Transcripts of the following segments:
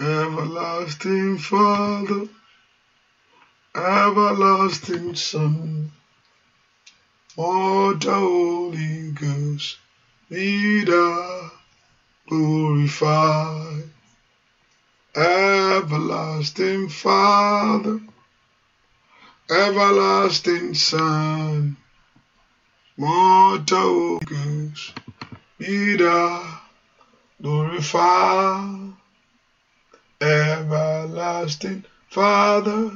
Everlasting Father, Everlasting Son, Lord Holy Ghost, be thou glorified. Everlasting Father, Everlasting Son, Lord Holy Ghost, be thou glorified. Everlasting Father,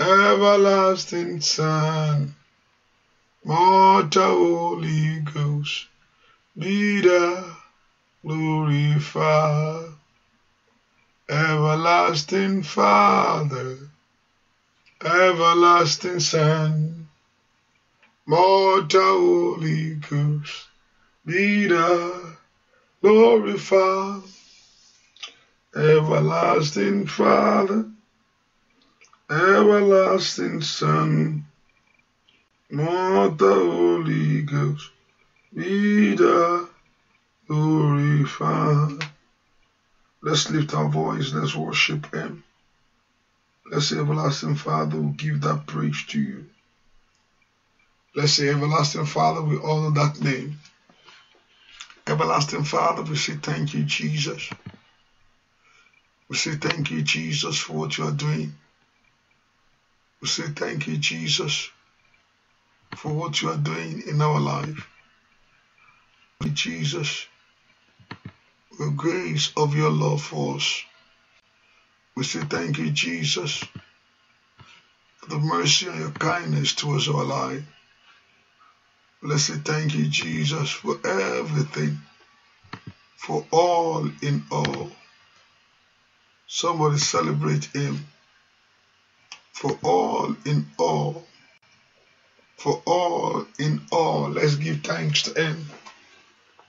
Everlasting Son, Mortal Holy Ghost, be thou glorified. Everlasting Father, Everlasting Son, Mortal Holy Ghost, be thou glorified everlasting Father, everlasting Son, Lord the Holy Ghost, be the glorified. Let's lift our voice, let's worship Him. Let's say, Everlasting Father, we give that praise to you. Let's say, Everlasting Father, we honor that name. Everlasting Father, we say, Thank you, Jesus. We say thank you, Jesus, for what you are doing. We say thank you, Jesus, for what you are doing in our life. Jesus, the grace of your love for us. We say thank you, Jesus, for the mercy and your kindness towards our life. Let's say thank you, Jesus, for everything, for all in all. Somebody celebrate him for all in all. For all in all, let's give thanks to him.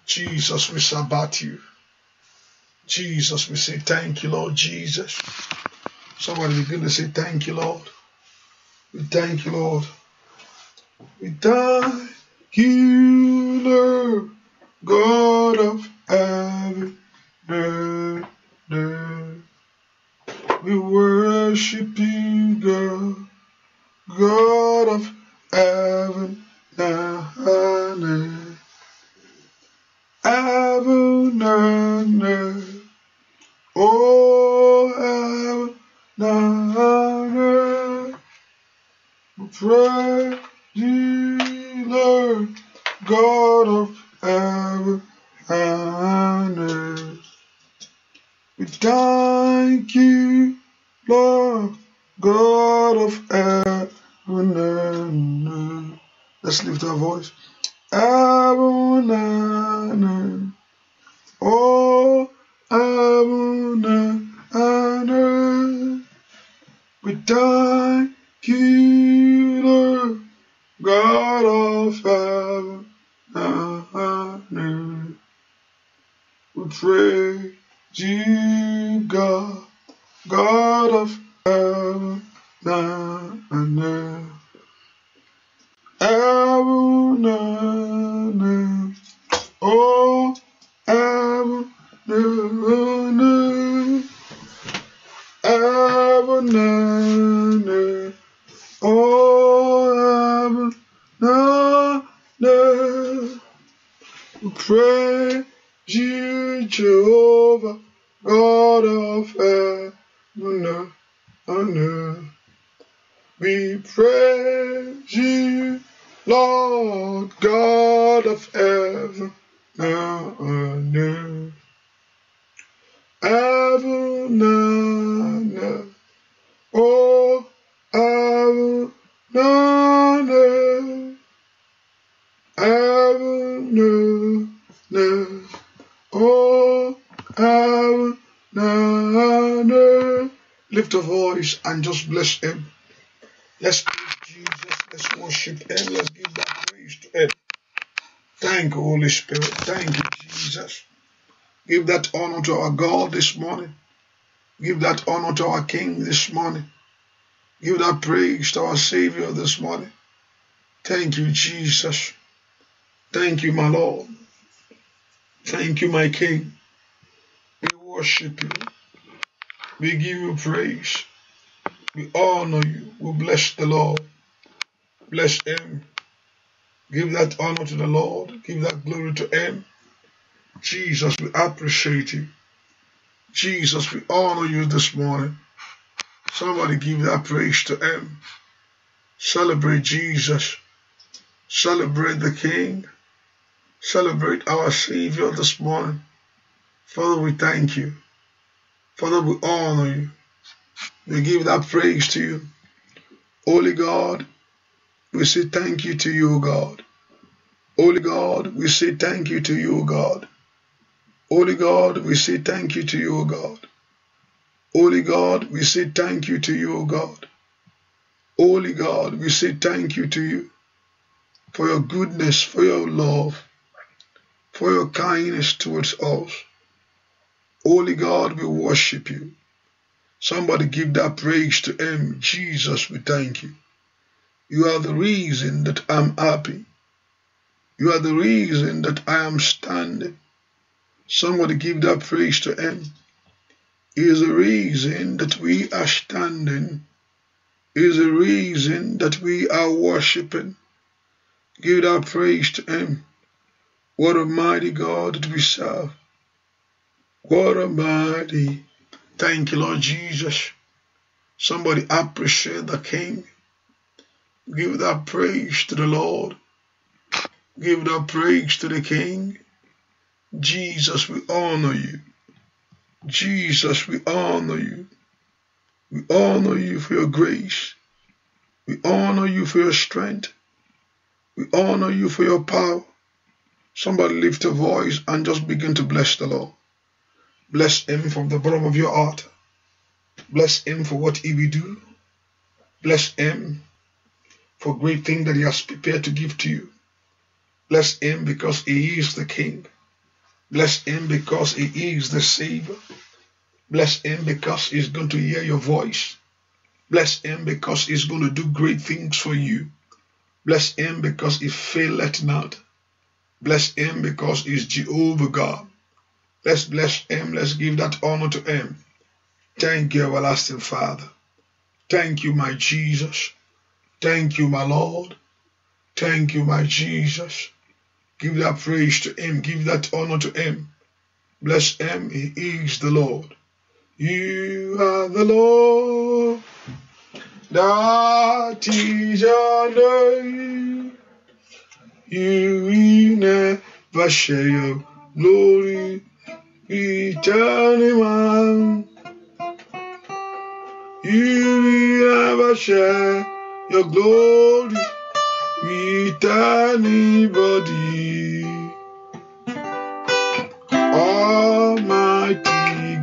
Jesus, we sabbat you. Jesus, we say thank you, Lord Jesus. Somebody begin to say thank you, Lord. We thank you, Lord. We thank you, Lord, God of heaven. worship you, God, God of heaven and earth. Heaven and earth. Oh, heaven and earth. We pray. tua voz. bless him. Let's praise Jesus. Let's worship him. Let's give that praise to him. Thank you, Holy Spirit. Thank you, Jesus. Give that honor to our God this morning. Give that honor to our King this morning. Give that praise to our Savior this morning. Thank you, Jesus. Thank you, my Lord. Thank you, my King. We worship you. We give you praise. We honor you. We bless the Lord. Bless him. Give that honor to the Lord. Give that glory to him. Jesus, we appreciate you. Jesus, we honor you this morning. Somebody give that praise to him. Celebrate Jesus. Celebrate the King. Celebrate our Savior this morning. Father, we thank you. Father, we honor you. We give that praise to you. Holy God, we say thank you to you, God. Holy God, we say thank you to you, God. Holy God, we say thank you to you, God. Holy God, we say thank you to you, God. Holy God, we say thank you to you for your goodness, for your love, for your kindness towards us. Holy God, we worship you. Somebody give that praise to Him. Jesus, we thank you. You are the reason that I'm happy. You are the reason that I am standing. Somebody give that praise to Him. He is the reason that we are standing. He is the reason that we are worshiping. Give that praise to Him. What a mighty God that we serve. What a mighty Thank you, Lord Jesus. Somebody appreciate the King. Give that praise to the Lord. Give that praise to the King. Jesus, we honor you. Jesus, we honor you. We honor you for your grace. We honor you for your strength. We honor you for your power. Somebody lift a voice and just begin to bless the Lord. Bless him from the bottom of your heart. Bless him for what he will do. Bless him for great things that he has prepared to give to you. Bless him because he is the King. Bless him because he is the Savior. Bless him because he's going to hear your voice. Bless him because he's going to do great things for you. Bless him because he faileth not. Bless him because he's Jehovah God. Let's bless Him. Let's give that honor to Him. Thank you, everlasting Father. Thank you, my Jesus. Thank you, my Lord. Thank you, my Jesus. Give that praise to Him. Give that honor to Him. Bless Him. He is the Lord. You are the Lord. That is your name. You will never share your glory eternal one. You will ever share your glory with anybody. Almighty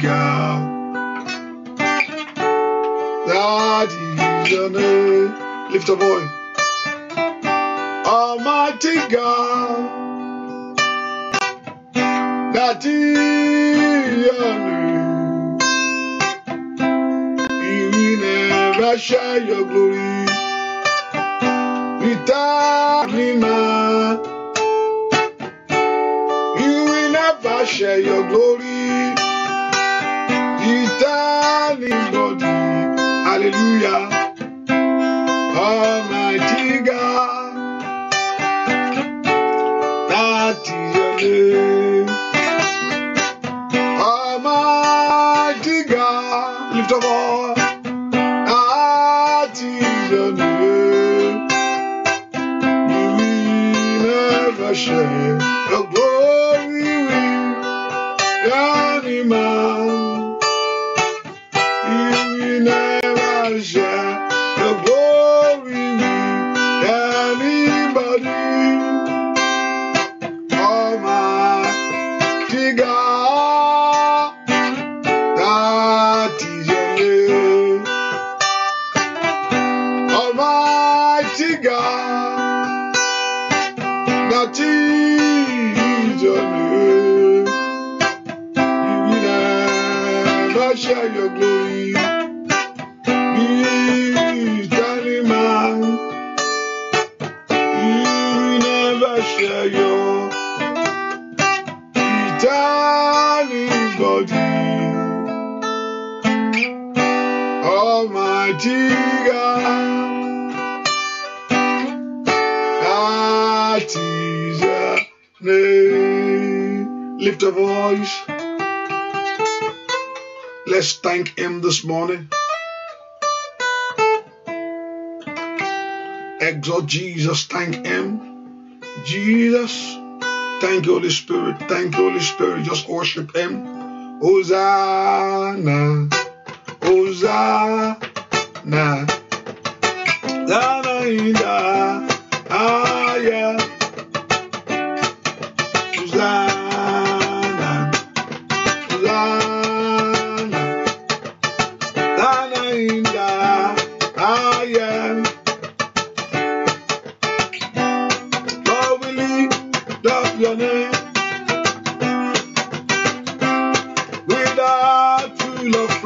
God, that is your name. Lift a voice. Almighty God. share your glory. Without Lima, you will never share your glory. Without anybody, hallelujah. Almighty God, that shame. your voice. Let's thank Him this morning. Exalt Jesus, thank Him. Jesus, thank you, Holy Spirit, thank you, Holy Spirit. Just worship Him. Hosanna, Hosanna, da da da, ah yeah.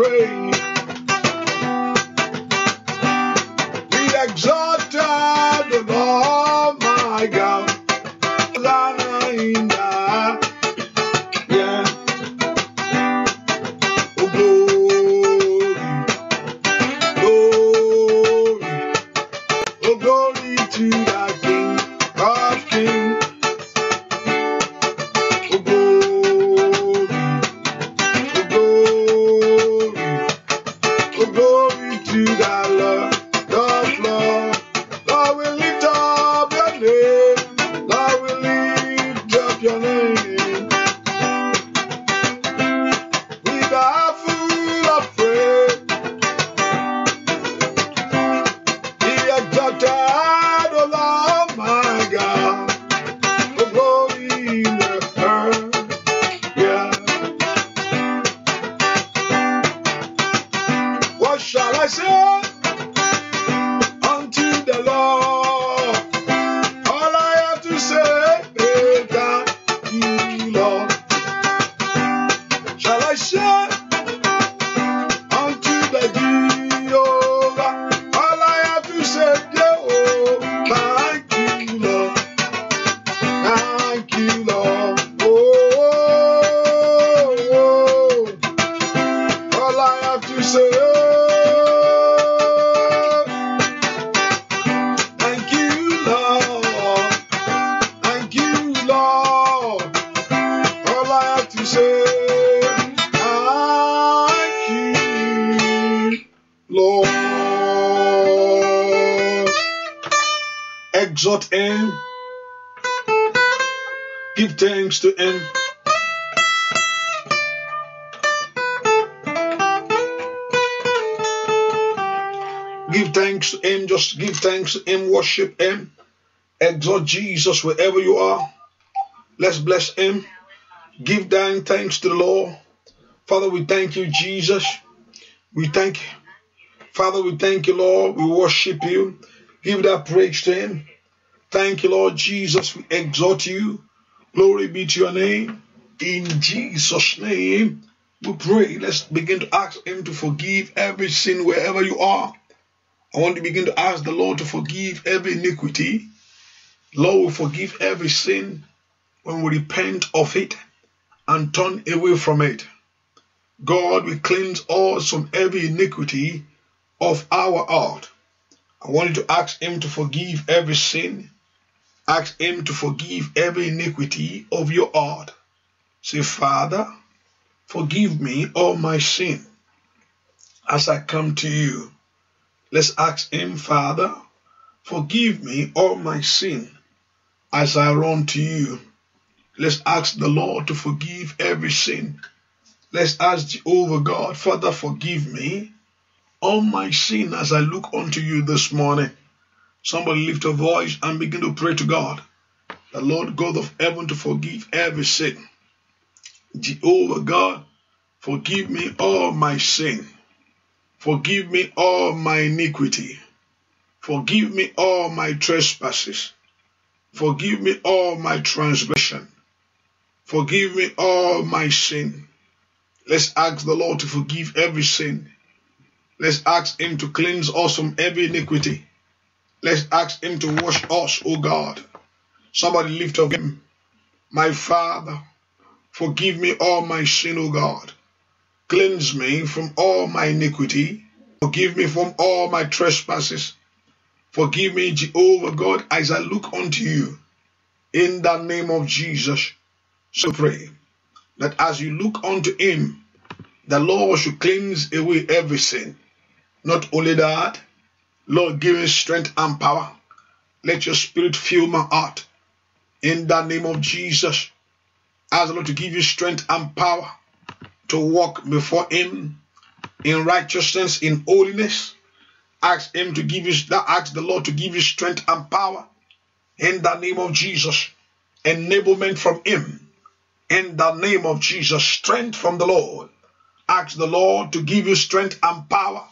praise. thanks Him, worship Him, exalt Jesus wherever you are. Let's bless Him. Give thine thanks to the Lord. Father, we thank you, Jesus. We thank you. Father, we thank you, Lord. We worship you. Give that praise to Him. Thank you, Lord Jesus. We exalt you. Glory be to your name. In Jesus' name, we pray. Let's begin to ask Him to forgive every sin wherever you are. I want to begin to ask the Lord to forgive every iniquity. Lord will forgive every sin when we repent of it and turn away from it. God will cleanse us from every iniquity of our heart. I want you to ask Him to forgive every sin. Ask Him to forgive every iniquity of your heart. Say, Father, forgive me all my sin as I come to you. Let's ask Him, Father, forgive me all my sin as I run to you. Let's ask the Lord to forgive every sin. Let's ask Jehovah God, Father, forgive me all my sin as I look unto you this morning. Somebody lift a voice and begin to pray to God, the Lord God of heaven, to forgive every sin. Jehovah God, forgive me all my sin Forgive me all my iniquity. Forgive me all my trespasses. Forgive me all my transgression. Forgive me all my sin. Let's ask the Lord to forgive every sin. Let's ask Him to cleanse us from every iniquity. Let's ask Him to wash us, O God. Somebody lift up Him. My Father, forgive me all my sin, O God. Cleanse me from all my iniquity. Forgive me from all my trespasses. Forgive me, Jehovah God, as I look unto you. In the name of Jesus, so pray that as you look unto him, the Lord should cleanse away every sin. Not only that, Lord, give me strength and power. Let your spirit fill my heart. In the name of Jesus, ask the Lord to give you strength and power to walk before Him in righteousness, in holiness. Ask Him to give you, ask the Lord to give you strength and power in the name of Jesus. Enablement from Him in the name of Jesus. Strength from the Lord. Ask the Lord to give you strength and power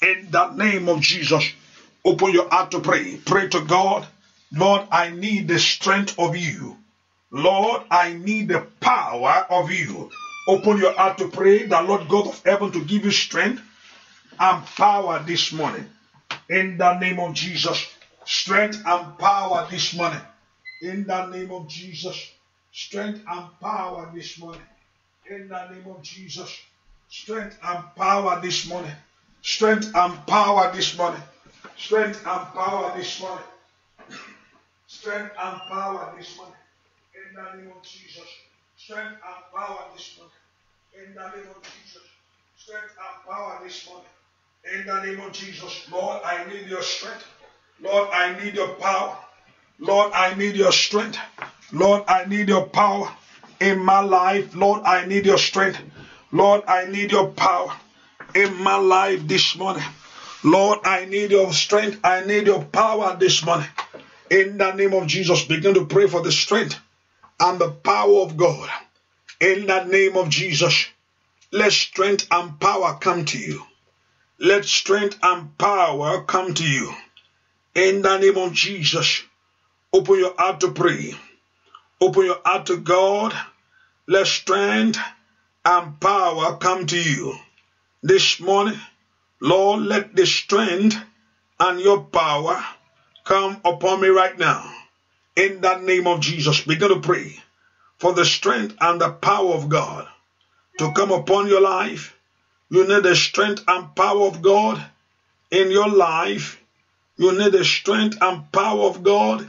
in the name of Jesus. Open your heart to pray. Pray to God. Lord, I need the strength of you. Lord, I need the power of you. Open your heart to pray the Lord God of heaven to give you strength and power this morning. In the name of Jesus, strength and power this morning. In the name of Jesus, strength and power this morning. In the name of Jesus, strength and power this morning. Strength and power this morning. Strength and power this morning. Strength and power this morning. In the name of Jesus. Strength and power this morning. In the name of Jesus. Strength and power this morning. In the name of Jesus. Lord, I need your strength. Lord, I need your power. Lord, I need your strength. Lord, I need your power in my life. Lord, I need your strength. Lord, I need your power in my life this morning. Lord, I need your strength. I need your power this morning. In the name of Jesus, begin to pray for the strength and the power of God. In the name of Jesus, let strength and power come to you. Let strength and power come to you. In the name of Jesus, open your heart to pray. Open your heart to God. Let strength and power come to you. This morning, Lord, let the strength and your power come upon me right now. In the name of Jesus, begin to pray for the strength and the power of God to come upon your life. You need the strength and power of God in your life. You need the strength and power of God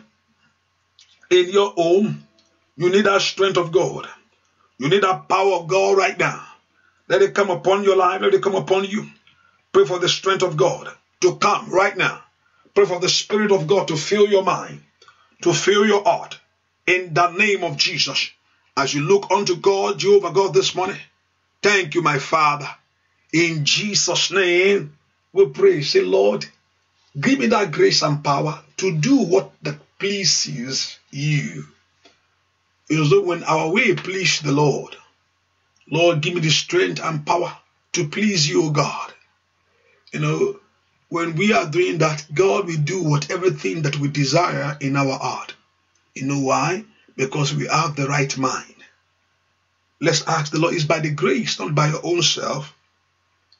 in your home. You need that strength of God. You need that power of God right now. Let it come upon your life. Let it come upon you. Pray for the strength of God to come right now. Pray for the Spirit of God to fill your mind to fill your heart in the name of Jesus. As you look unto God, Jehovah God, this morning, thank you, my Father. In Jesus' name, we pray. Say, Lord, give me that grace and power to do what that pleases you. that when our way please the Lord. Lord, give me the strength and power to please you, God. You know, when we are doing that, God will do whatever thing that we desire in our heart. You know why? Because we have the right mind. Let's ask the Lord, it's by the grace, not by your own self.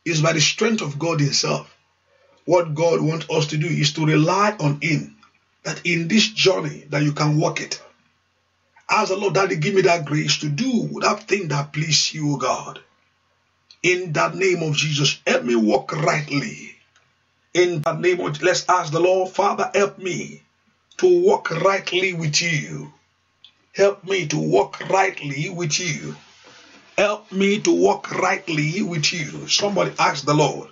It's by the strength of God Himself. What God wants us to do is to rely on Him. That in this journey that you can walk it. Ask the Lord, Daddy, give me that grace to do that thing that please you, God. In that name of Jesus, help me walk rightly. In the name of, let's ask the Lord, Father, help me to walk rightly with you. Help me to walk rightly with you. Help me to walk rightly with you. Somebody ask the Lord,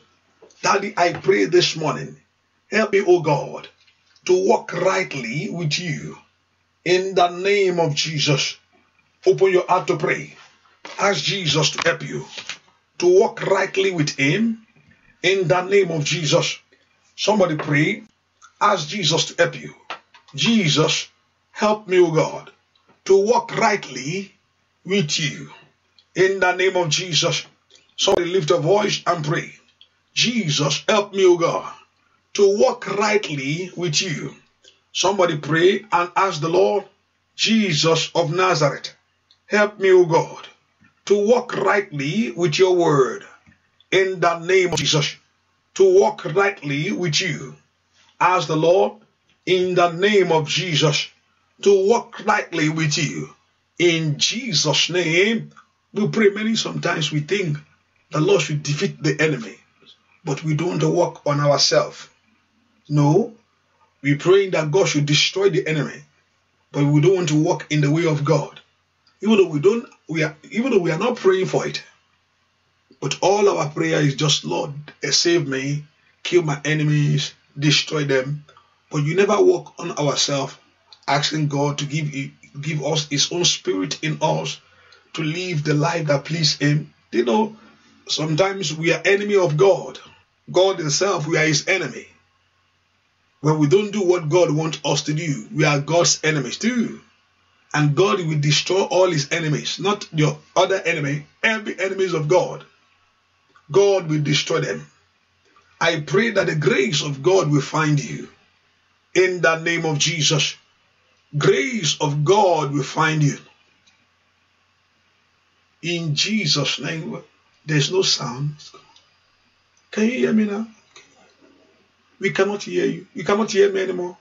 Daddy, I pray this morning. Help me, O God, to walk rightly with you. In the name of Jesus, open your heart to pray. Ask Jesus to help you to walk rightly with Him. In the name of Jesus, Somebody pray, ask Jesus to help you. Jesus, help me, O God, to walk rightly with you. In the name of Jesus, somebody lift a voice and pray. Jesus, help me, O God, to walk rightly with you. Somebody pray and ask the Lord, Jesus of Nazareth, help me, O God, to walk rightly with your word. In the name of Jesus to walk rightly with you. Ask the Lord in the name of Jesus to walk rightly with you. In Jesus' name, we pray many sometimes we think the Lord should defeat the enemy, but we don't work on ourselves. No, we praying that God should destroy the enemy, but we don't want to walk in the way of God. Even though we don't, we are even though we are not praying for it, but all our prayer is just, Lord, save me, kill my enemies, destroy them. But you never work on ourselves, asking God to give give us His own Spirit in us to live the life that pleases Him. You know, sometimes we are enemy of God. God Himself, we are His enemy. When we don't do what God wants us to do, we are God's enemies too. And God will destroy all His enemies, not your other enemy, every enemies of God. God will destroy them. I pray that the grace of God will find you. In the name of Jesus, grace of God will find you. In Jesus' name, there's no sound. Can you hear me now? We cannot hear you. You cannot hear me anymore.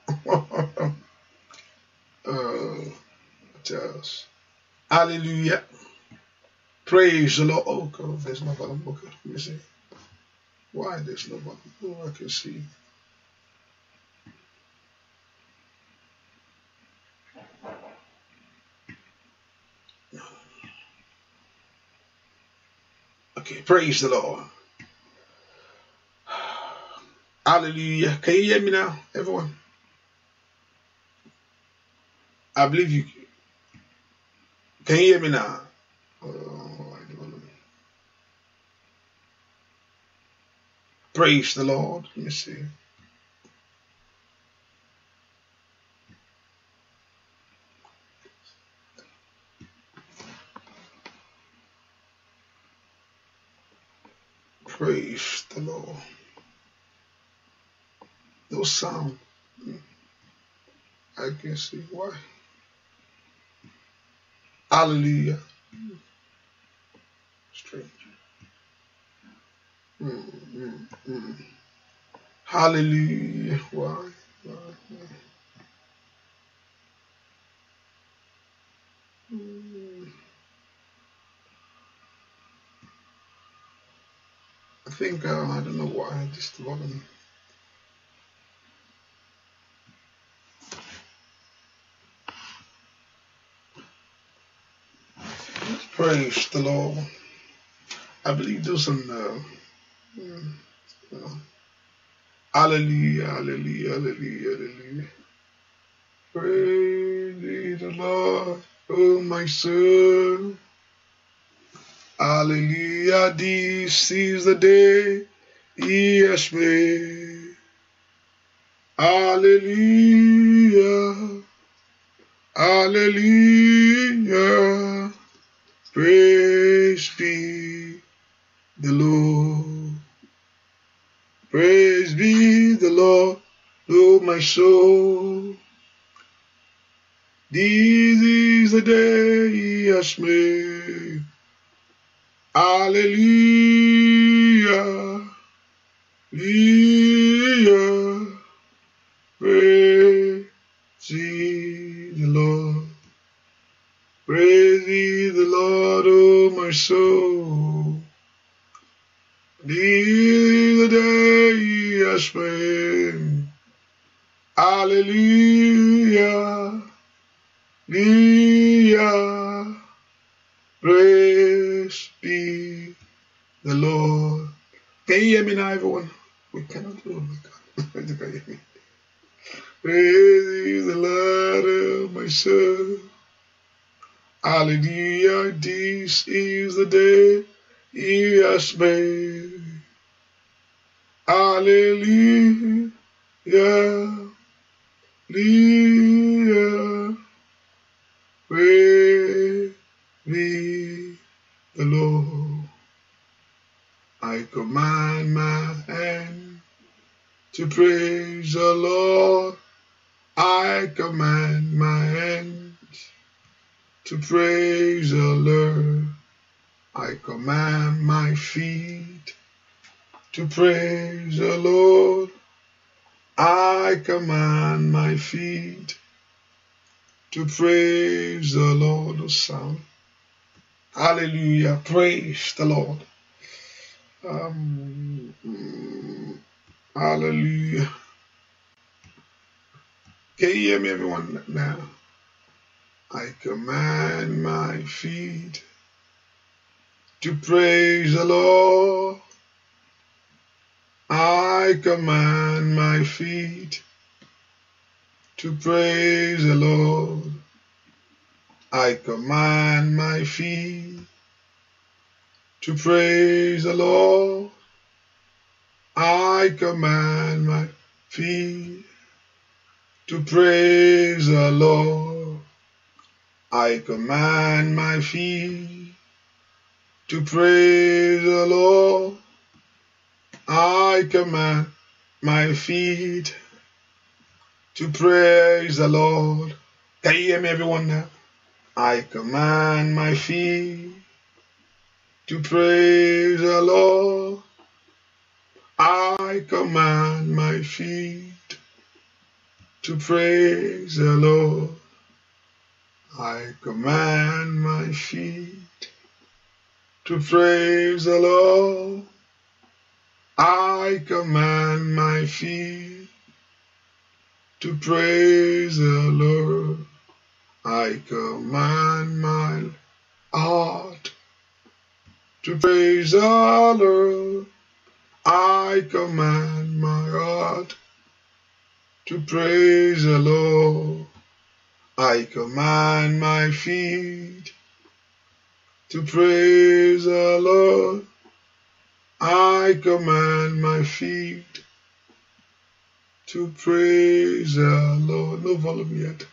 just, uh, hallelujah. Praise the Lord. Oh God, there's no bottom. Okay, let me see. Why there's no bottom? Oh, I can see. Okay, praise the Lord. Hallelujah. Can you hear me now, everyone? I believe you. Can you hear me now? Uh, Praise the Lord. Let me see. Praise the Lord. No sound. I can see why. Hallelujah. Strange. Mm, Hallelujah. Why, why, why? I think, um, I don't know why, I just love not Praise the Lord. I believe there's some. Uh, Hallelujah, hallelujah, hallelujah, hallelujah. Praise the Lord, oh my soul. Hallelujah, this is the day he has made. Hallelujah, hallelujah. Praise the Lord, O my soul. This is the day he has made. Hallelujah. Hallelujah. Praise the Lord. Praise the Lord, O my soul. This is the day Yes, man. Hallelujah. Hallelujah. Praise be the Lord. Can you hear me now, everyone? We cannot. Oh my God. Can you hear me? Praise the Lord, oh, my soul. Hallelujah. This is the day He has made. Hallelujah. Hallelujah. me be the Lord. I command my hand to praise the Lord. I command my hand to praise the Lord. I command my feet to praise the Lord. I command my feet to praise the Lord of sound. Hallelujah. Praise the Lord. Um, hallelujah. Can you hear me, everyone, now? I command my feet to praise the Lord. I command my feet to praise the Lord. I command my feet to praise the Lord. I command my feet to praise the Lord. I command my feet to praise the Lord. I command my feet to praise the Lord. Can you hear me, everyone, now? I command my feet to praise the Lord. I command my feet to praise the Lord. I command my feet to praise the Lord. I command my feet to praise the Lord. I command my heart to praise the Lord. I command my heart to praise the Lord. I command my feet to praise the Lord. I command my feet to praise the Lord. No volume yet.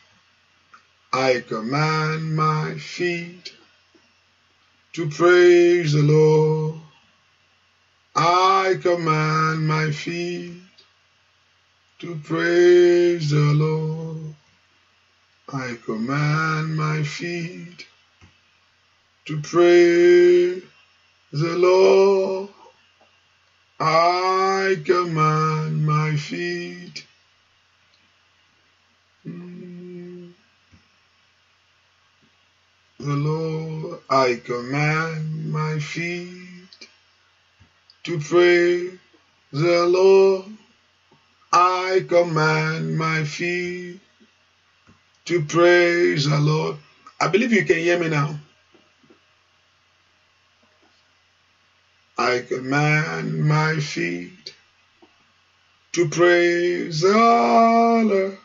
I command my feet to praise the Lord. I command my feet to praise the Lord. I command my feet to praise the Lord. I command my feet. Mm. The Lord, I command my feet to praise the Lord. I command my feet to praise the Lord. I believe you can hear me now. I command my feet to praise Allah.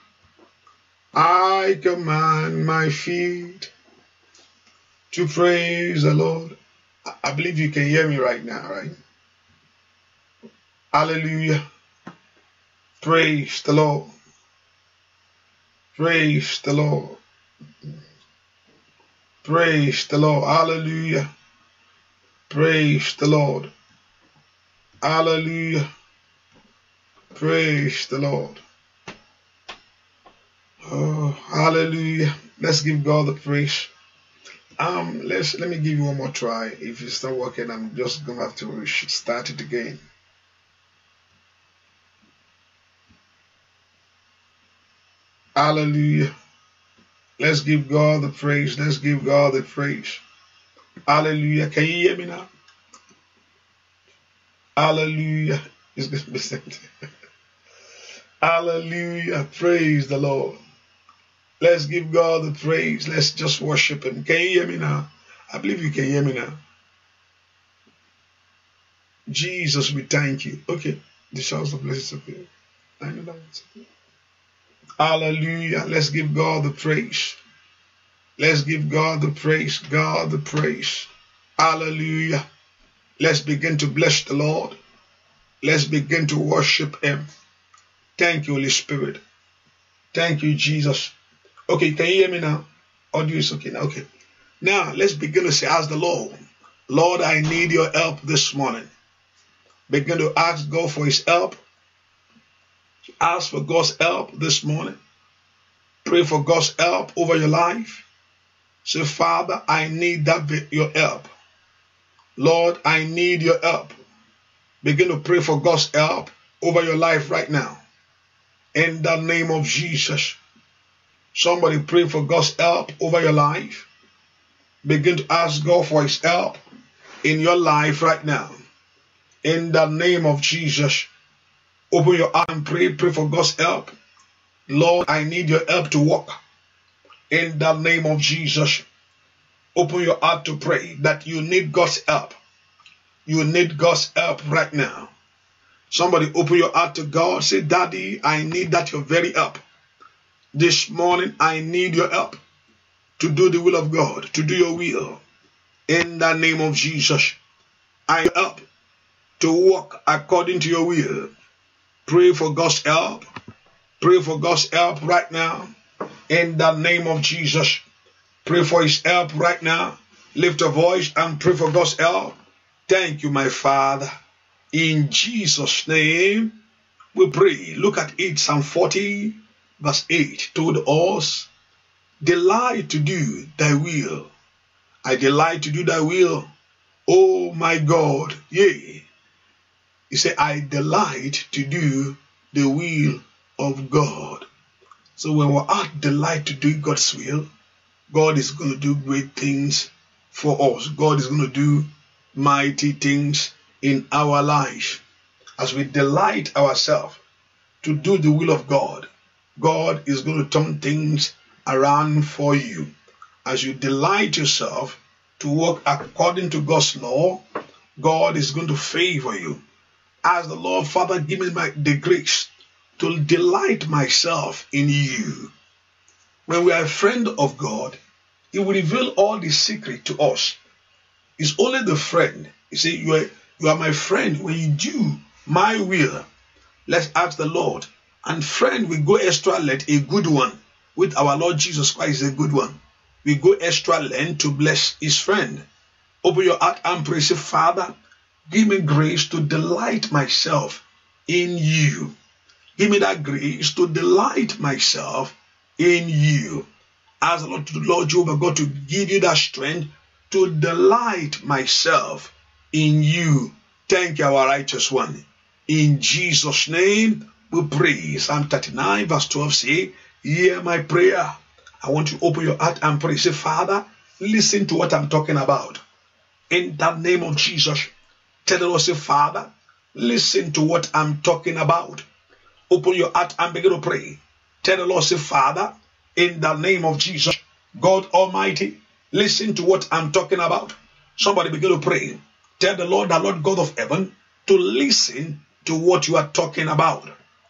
I command my feet to praise the Lord. I believe you can hear me right now, right? Hallelujah. Praise the Lord. Praise the Lord. Praise the Lord. Hallelujah. Praise the Lord. Hallelujah. Praise the Lord. Oh, hallelujah. Let's give God the praise. Um, let's let me give you one more try. If it's not working, I'm just gonna have to start it again. Hallelujah. Let's give God the praise. Let's give God the praise. Hallelujah. Can you hear me now? Hallelujah. It's going to be sent. Hallelujah. Praise the Lord. Let's give God the praise. Let's just worship Him. Can you hear me now? I believe you can hear me now. Jesus, we thank you. Okay. The shouts of blessings appear. I know that. Hallelujah. Let's give God the praise. Let's give God the praise, God the praise. Hallelujah. Let's begin to bless the Lord. Let's begin to worship Him. Thank you, Holy Spirit. Thank you, Jesus. Okay, can you hear me now? Audio is okay now. Okay. Now, let's begin to say, Ask the Lord, Lord, I need your help this morning. Begin to ask God for His help. Ask for God's help this morning. Pray for God's help over your life. Say, Father, I need that your help. Lord, I need your help. Begin to pray for God's help over your life right now. In the name of Jesus. Somebody pray for God's help over your life. Begin to ask God for his help in your life right now. In the name of Jesus. Open your arm and pray. Pray for God's help. Lord, I need your help to walk. In the name of Jesus, open your heart to pray that you need God's help. You need God's help right now. Somebody open your heart to God. Say, Daddy, I need that your very help. This morning, I need your help to do the will of God, to do your will. In the name of Jesus, I help to walk according to your will. Pray for God's help. Pray for God's help right now in the name of Jesus. Pray for his help right now. Lift a voice and pray for God's help. Thank you, my Father. In Jesus' name, we pray. Look at it, Psalm 40, verse 8 told us, Delight to do thy will. I delight to do thy will. Oh my God, yea. He said, I delight to do the will of God. So when we are delight to do God's will, God is going to do great things for us. God is going to do mighty things in our life. As we delight ourselves to do the will of God, God is going to turn things around for you. As you delight yourself to walk according to God's law, God is going to favor you. As the Lord Father, give me my, the grace to delight myself in you. When we are a friend of God, He will reveal all the secret to us. It's only the friend. He see, you are, you are my friend when you do my will. Let's ask the Lord. And friend, we go extra length, a good one. With our Lord Jesus Christ, a good one. We go extra length to bless his friend. Open your heart and praise Father, give me grace to delight myself in you. Give me that grace to delight myself in you. Ask the Lord, the Lord Jehovah God to give you that strength to delight myself in you. Thank you, our righteous one. In Jesus' name, we pray. Psalm 39, verse 12 say, Hear my prayer. I want you to open your heart and pray. Say, Father, listen to what I'm talking about. In the name of Jesus, tell the Lord, say, Father, listen to what I'm talking about. Open your heart and begin to pray. Tell the Lord, say, Father, in the name of Jesus, God Almighty, listen to what I'm talking about. Somebody begin to pray. Tell the Lord, the Lord God of heaven, to listen to what you are talking about.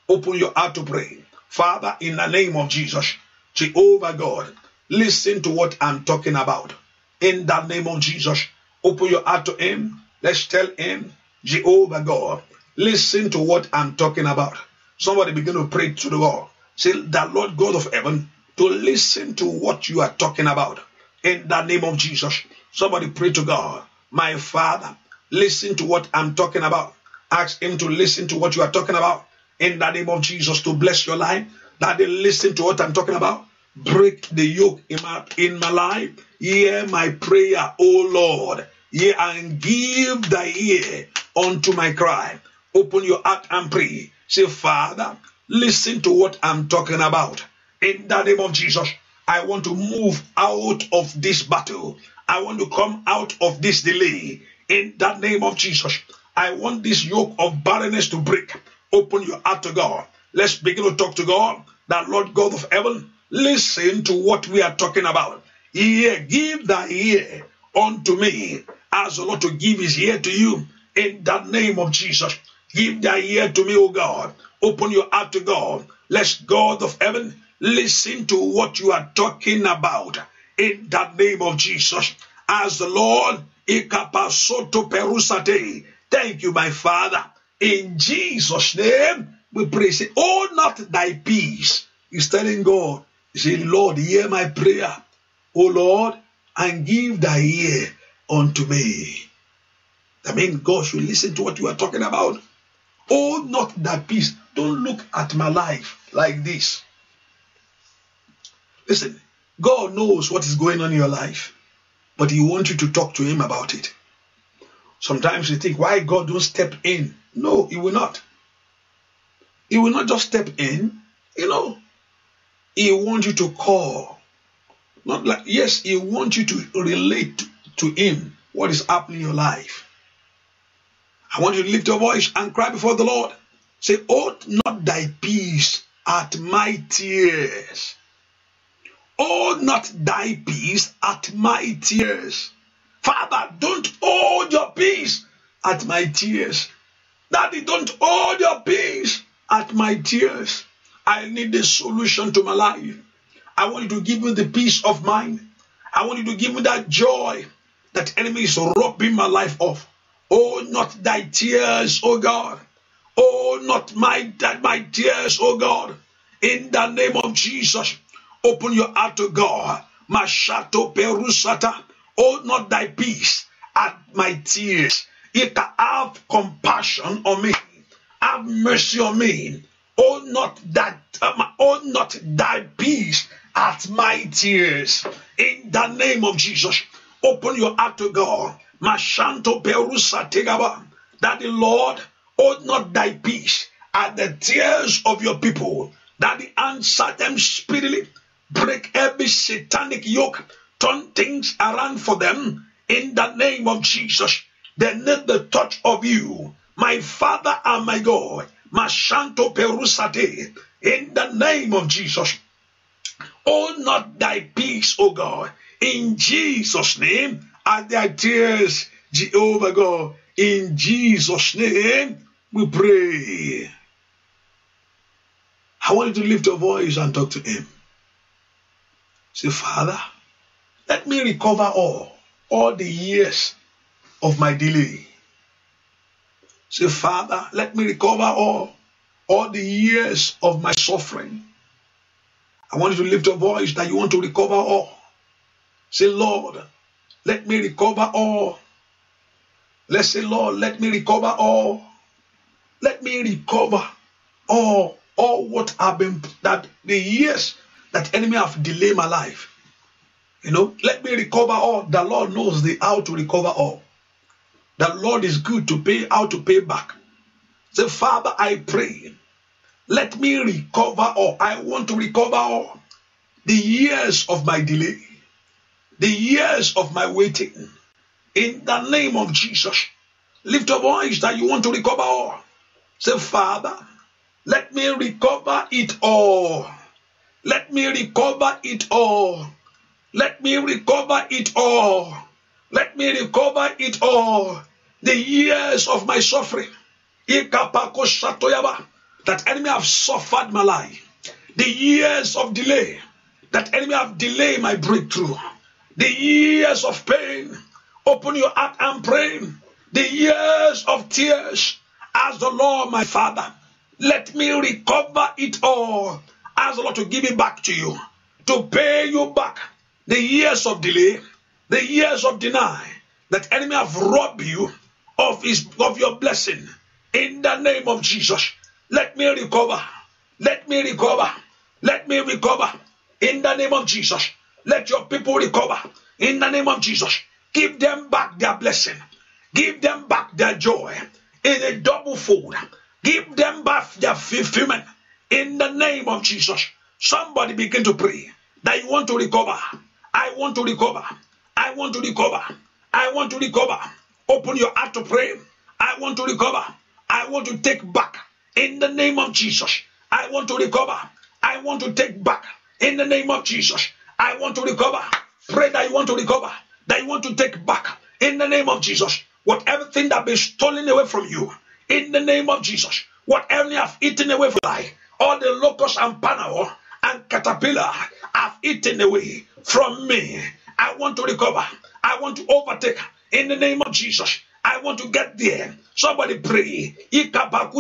Open your heart to pray. Father, in the name of Jesus, Jehovah God, listen to what I'm talking about. In the name of Jesus, open your heart to Him. Let's tell Him, Jehovah God, listen to what I'm talking about. Somebody begin to pray to the Lord, Say that Lord God of heaven to listen to what you are talking about. In the name of Jesus, somebody pray to God. My Father, listen to what I'm talking about. Ask Him to listen to what you are talking about. In the name of Jesus, to bless your life. That they listen to what I'm talking about. Break the yoke in my, in my life. Hear my prayer, O Lord. Hear and give thy ear unto my cry. Open your heart and pray Say, Father, listen to what I'm talking about. In the name of Jesus, I want to move out of this battle. I want to come out of this delay. In the name of Jesus, I want this yoke of barrenness to break. Open your heart to God. Let's begin to talk to God. That Lord God of heaven, listen to what we are talking about. Ear, give thy ear unto me. Ask the Lord to give his ear to you in the name of Jesus. Give thy ear to me, O God. Open your heart to God. let God of heaven, listen to what you are talking about in the name of Jesus. As the Lord, Ikapasoto Perusate. Thank you, my Father. In Jesus' name, we pray. Say, Oh, not thy peace. He's telling God, Say, Lord, hear my prayer. O Lord, and give thy ear unto me. I mean, God should listen to what you are talking about. Oh, not that peace. Don't look at my life like this. Listen, God knows what is going on in your life, but He wants you to talk to Him about it. Sometimes you think, why God don't step in? No, He will not. He will not just step in, you know. He wants you to call. Not like yes, He wants you to relate to Him what is happening in your life. I want you to lift your voice and cry before the Lord. Say, Ought not thy peace at my tears. Hold not thy peace at my tears. Father, don't hold your peace at my tears. Daddy, don't hold your peace at my tears. I need a solution to my life. I want you to give me the peace of mind. I want you to give me that joy that enemy is robbing my life of. Oh, not thy tears, O God. Oh, not my, that my tears, O God. In the name of Jesus, open your heart to God. Mashato perusata. Oh, not thy peace at my tears. It have compassion on me. Have mercy on me. Oh, not that, oh, not thy peace at my tears. In the name of Jesus, open your heart to God. Mashanto Perusa Tegaba, that the Lord hold not thy peace at the tears of your people, that the answer them speedily, break every satanic yoke, turn things around for them in the name of Jesus. They need the touch of you, my Father and my God. Mashanto te in the name of Jesus. Hold not thy peace, O God, in Jesus' name at their tears, Jehovah God. In Jesus' name, we pray. I want you to lift your voice and talk to Him. Say, Father, let me recover all, all the years of my delay. Say, Father, let me recover all, all the years of my suffering. I want you to lift your voice that you want to recover all. Say, Lord, let me recover all. Let's say, Lord, let me recover all. Let me recover all, all what have been that the years that enemy have delayed my life. You know, let me recover all. The Lord knows the how to recover all. The Lord is good to pay how to pay back. Say, Father, I pray. Let me recover all. I want to recover all the years of my delay the years of my waiting. In the name of Jesus, lift up voice that you want to recover all. Say, Father, let me recover it all. Let me recover it all. Let me recover it all. Let me recover it all. The years of my suffering. That enemy have suffered my life. The years of delay. That enemy have delayed my breakthrough the years of pain, open your heart and pray. The years of tears, ask the Lord, my Father, let me recover it all. Ask the Lord to give it back to you, to pay you back the years of delay, the years of deny, that enemy have robbed you of his of your blessing. In the name of Jesus, let me recover. Let me recover. Let me recover. In the name of Jesus, let your people recover in the name of Jesus. Give them back their blessing. Give them back their joy in a double fold. Give them back their fulfillment in the name of Jesus. Somebody begin to pray that you want to recover. I want to recover. I want to recover. I want to recover. Open your heart to pray. I want to recover. I want to take back in the name of Jesus. I want to recover. I want to take back in the name of Jesus. I want to recover. Pray that you want to recover, that you want to take back in the name of Jesus. What everything that been stolen away from you, in the name of Jesus. What enemy have eaten away from life, all the locusts and panel and caterpillar have eaten away from me. I want to recover. I want to overtake in the name of Jesus. I want to get there. Somebody pray. Open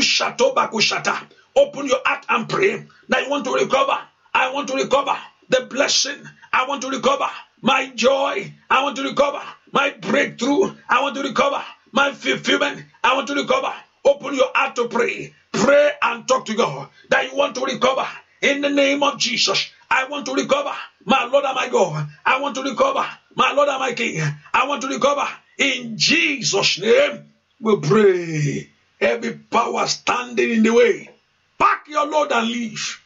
your heart and pray that you want to recover. I want to recover. the blessing I want to recover, my joy I want to recover, my breakthrough I want to recover, my fulfillment I want to recover. Open your heart to pray. Pray and talk to God that you want to recover in the name of Jesus. I want to recover, my Lord and my God. I want to recover, my Lord and my King. I want to recover in Jesus' name. We pray. Every power standing in the way, pack your load and leave.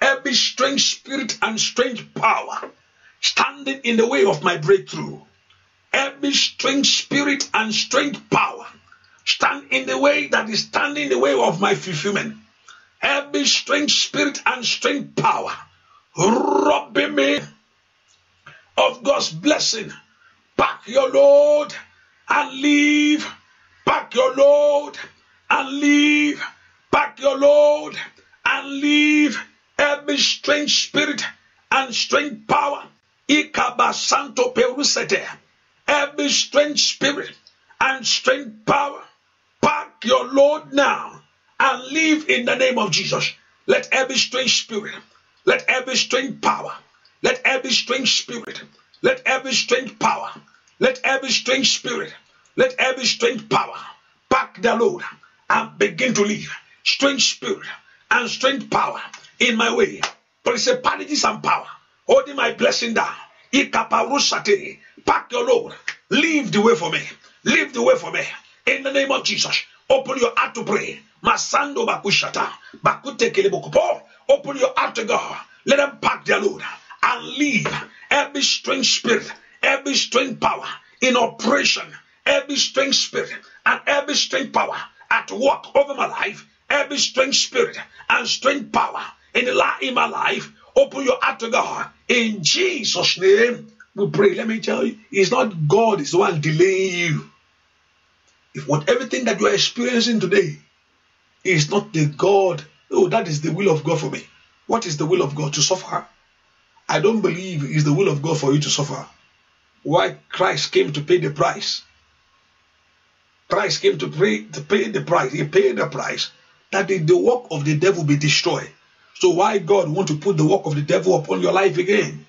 every strange spirit and strange power standing in the way of my breakthrough, every strange spirit and strange power stand in the way that is standing in the way of my fulfillment, every strange spirit and strange power robbing me of God's blessing. Pack your load and leave. Pack your load and leave. Pack your load and leave every strange spirit and strange power, Ikabasanto Perusete, every strange spirit and strange power, pack your load now and live in the name of Jesus. Let every strange spirit, let every strange power, let every strange spirit, let every strange power, let every strange spirit, let every strange power pack the load and begin to live. Strange spirit and strange power in my way. Principalities and power holding my blessing down. Ikaparushate, pack your load. Leave the way for me. Leave the way for me. In the name of Jesus, open your heart to pray. Masando bakushata, bakute kelebokupo. Open your heart to God. Let them pack their load and leave every strange spirit, every strange power in operation, every strange spirit and every strange power at work over my life, every strange spirit and strange power in, the, in my life, open your heart to God. In Jesus' name, we pray. Let me tell you, it's not God is the one delaying you. If what everything that you are experiencing today is not the God, oh, that is the will of God for me. What is the will of God to suffer? I don't believe it's the will of God for you to suffer. Why Christ came to pay the price. Christ came to pay to pay the price. He paid the price that the, the work of the devil be destroyed. So why God want to put the work of the devil upon your life again?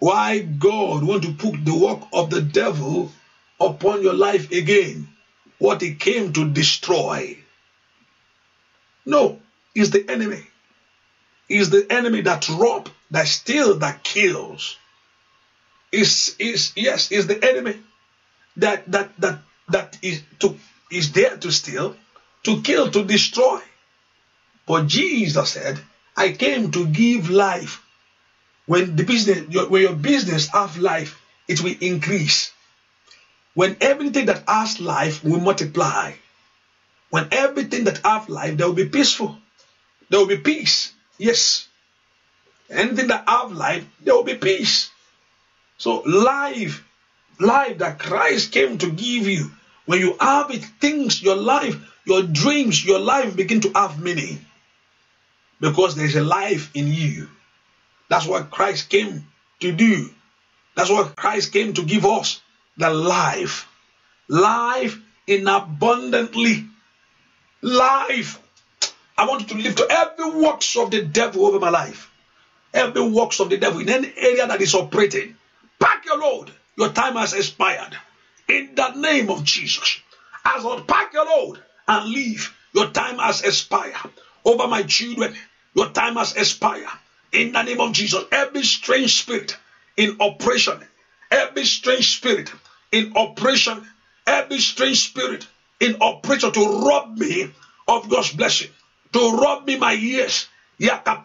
Why God want to put the work of the devil upon your life again? What he came to destroy. No, it's the enemy. It's the enemy that rob, that steal, that kills. Is is yes, is the enemy that that that that is to is there to steal, to kill, to destroy. But Jesus said, I came to give life. When the business, your, when your business have life, it will increase. When everything that has life will multiply. When everything that have life, there will be peaceful. There will be peace. Yes. Anything that have life, there will be peace. So life, life that Christ came to give you. When you have it, things, your life, your dreams, your life begin to have meaning because there's a life in you. That's what Christ came to do. That's what Christ came to give us the life. Life in abundantly. Life. I want you to to every works of the devil over my life. Every works of the devil in any area that is operating. Pack your load. Your time has expired. In the name of Jesus. As pack your load and leave, your time has expired. Over my children, your time has expired. In the name of Jesus, every strange spirit in oppression, every strange spirit in oppression, every strange spirit in oppression to rob me of God's blessing, to rob me my ears. Open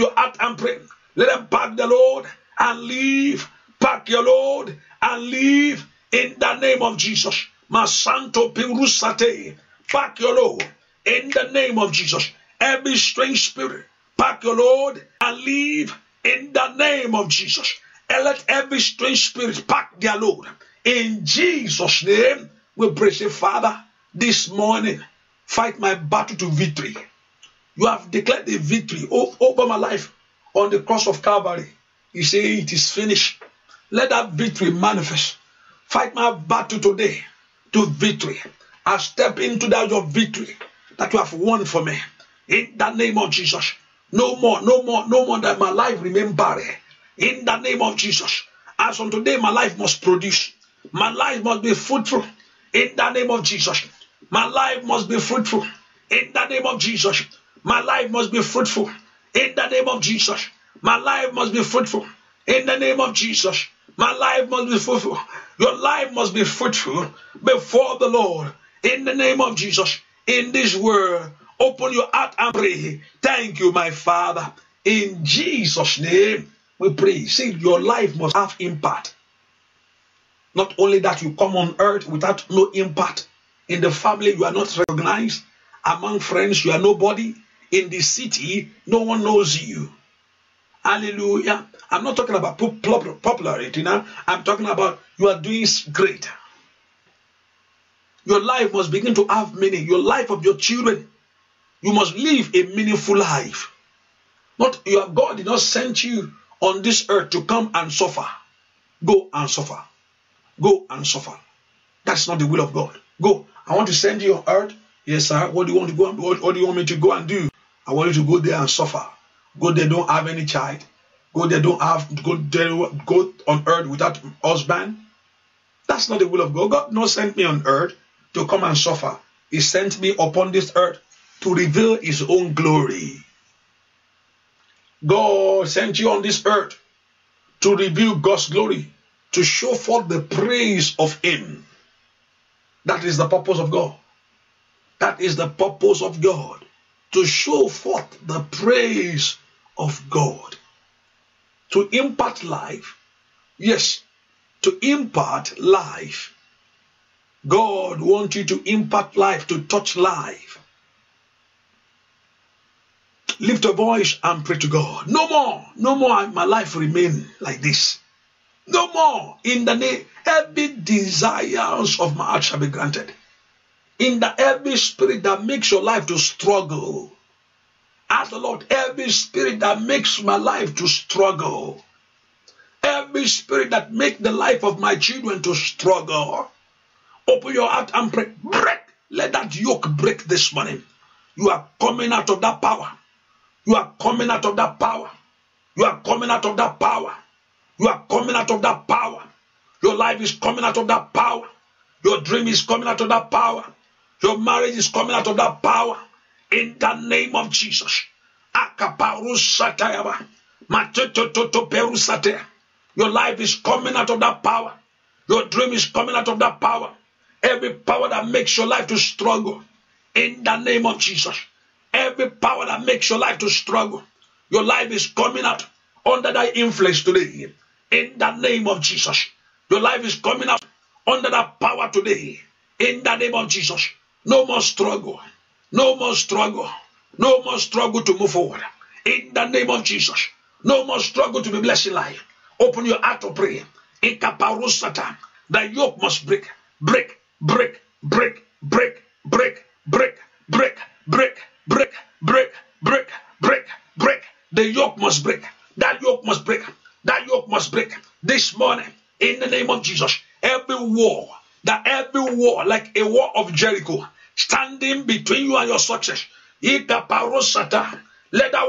your heart and pray. Let them pack the Lord and leave. Pack your Lord and leave in the name of Jesus. Masanto Pirusate. Pack your Lord in the name of Jesus. Every strange spirit, pack your load and leave in the name of Jesus. And let every strange spirit pack their load. In Jesus' name, we pray, say, Father, this morning, fight my battle to victory. You have declared the victory over my life on the cross of Calvary. You say, It is finished. Let that victory manifest. Fight my battle today to victory. I step into that your victory that you have won for me. In the name of Jesus. No more, no more, no more that my life remain barren. In the name of Jesus. As on today, my life must produce. My life must be fruitful. In the name of Jesus. My life must be fruitful. In the name of Jesus. My life must be fruitful. In the name of Jesus. My life must be fruitful. In the name of Jesus. My life must be fruitful. Your life must be fruitful before the Lord. In the name of Jesus. In this world, Open your heart and pray. Thank you, my Father. In Jesus' name, we pray. See, your life must have impact. Not only that you come on earth without no impact. In the family, you are not recognized. Among friends, you are nobody. In the city, no one knows you. Hallelujah. I'm not talking about popularity now. I'm talking about you are doing great. Your life must begin to have meaning. Your life of your children you must live a meaningful life. Not your God did not send you on this earth to come and suffer. Go and suffer. Go and suffer. That's not the will of God. Go. I want to send you on earth. Yes, sir. What do you want to go? And, what, what do you want me to go and do? I want you to go there and suffer. Go there, don't have any child. Go there, don't have go there, go on earth without husband. That's not the will of God. God not sent me on earth to come and suffer. He sent me upon this earth to reveal his own glory. God sent you on this earth to reveal God's glory, to show forth the praise of him. That is the purpose of God. That is the purpose of God, to show forth the praise of God, to impart life. Yes, to impart life. God wants you to impart life, to touch life. Lift your voice and pray to God. No more, no more. My life remain like this. No more. In the name, every desires of my heart shall be granted. In the every spirit that makes your life to struggle, ask the Lord. Every spirit that makes my life to struggle, every spirit that makes the life of my children to struggle, open your heart and pray. Break. Let that yoke break this morning. You are coming out of that power. You are coming out of that power. You are coming out of that power. You are coming out of that power. Your life is coming out of that power. Your dream is coming out of that power. Your marriage is coming out of that power. In the name of Jesus. Your life is coming out of that power. Your dream is coming out of that power. Every power that makes your life to struggle. In the name of Jesus. Every power that makes your life to struggle, your life is coming out under that influence today. In the name of Jesus. Your life is coming out under that power today. In the name of Jesus. No more struggle. No more struggle. No more struggle to move forward. In the name of Jesus. No more struggle to be blessed in life. Open your heart to pray. In Kaparusata, the yoke must break. Break, break, break, break, break, break, break, break break, break, break, break, break. The yoke must break. That yoke must break. That yoke must break. This morning, in the name of Jesus, every war, that every war, like a war of Jericho, standing between you and your success, let that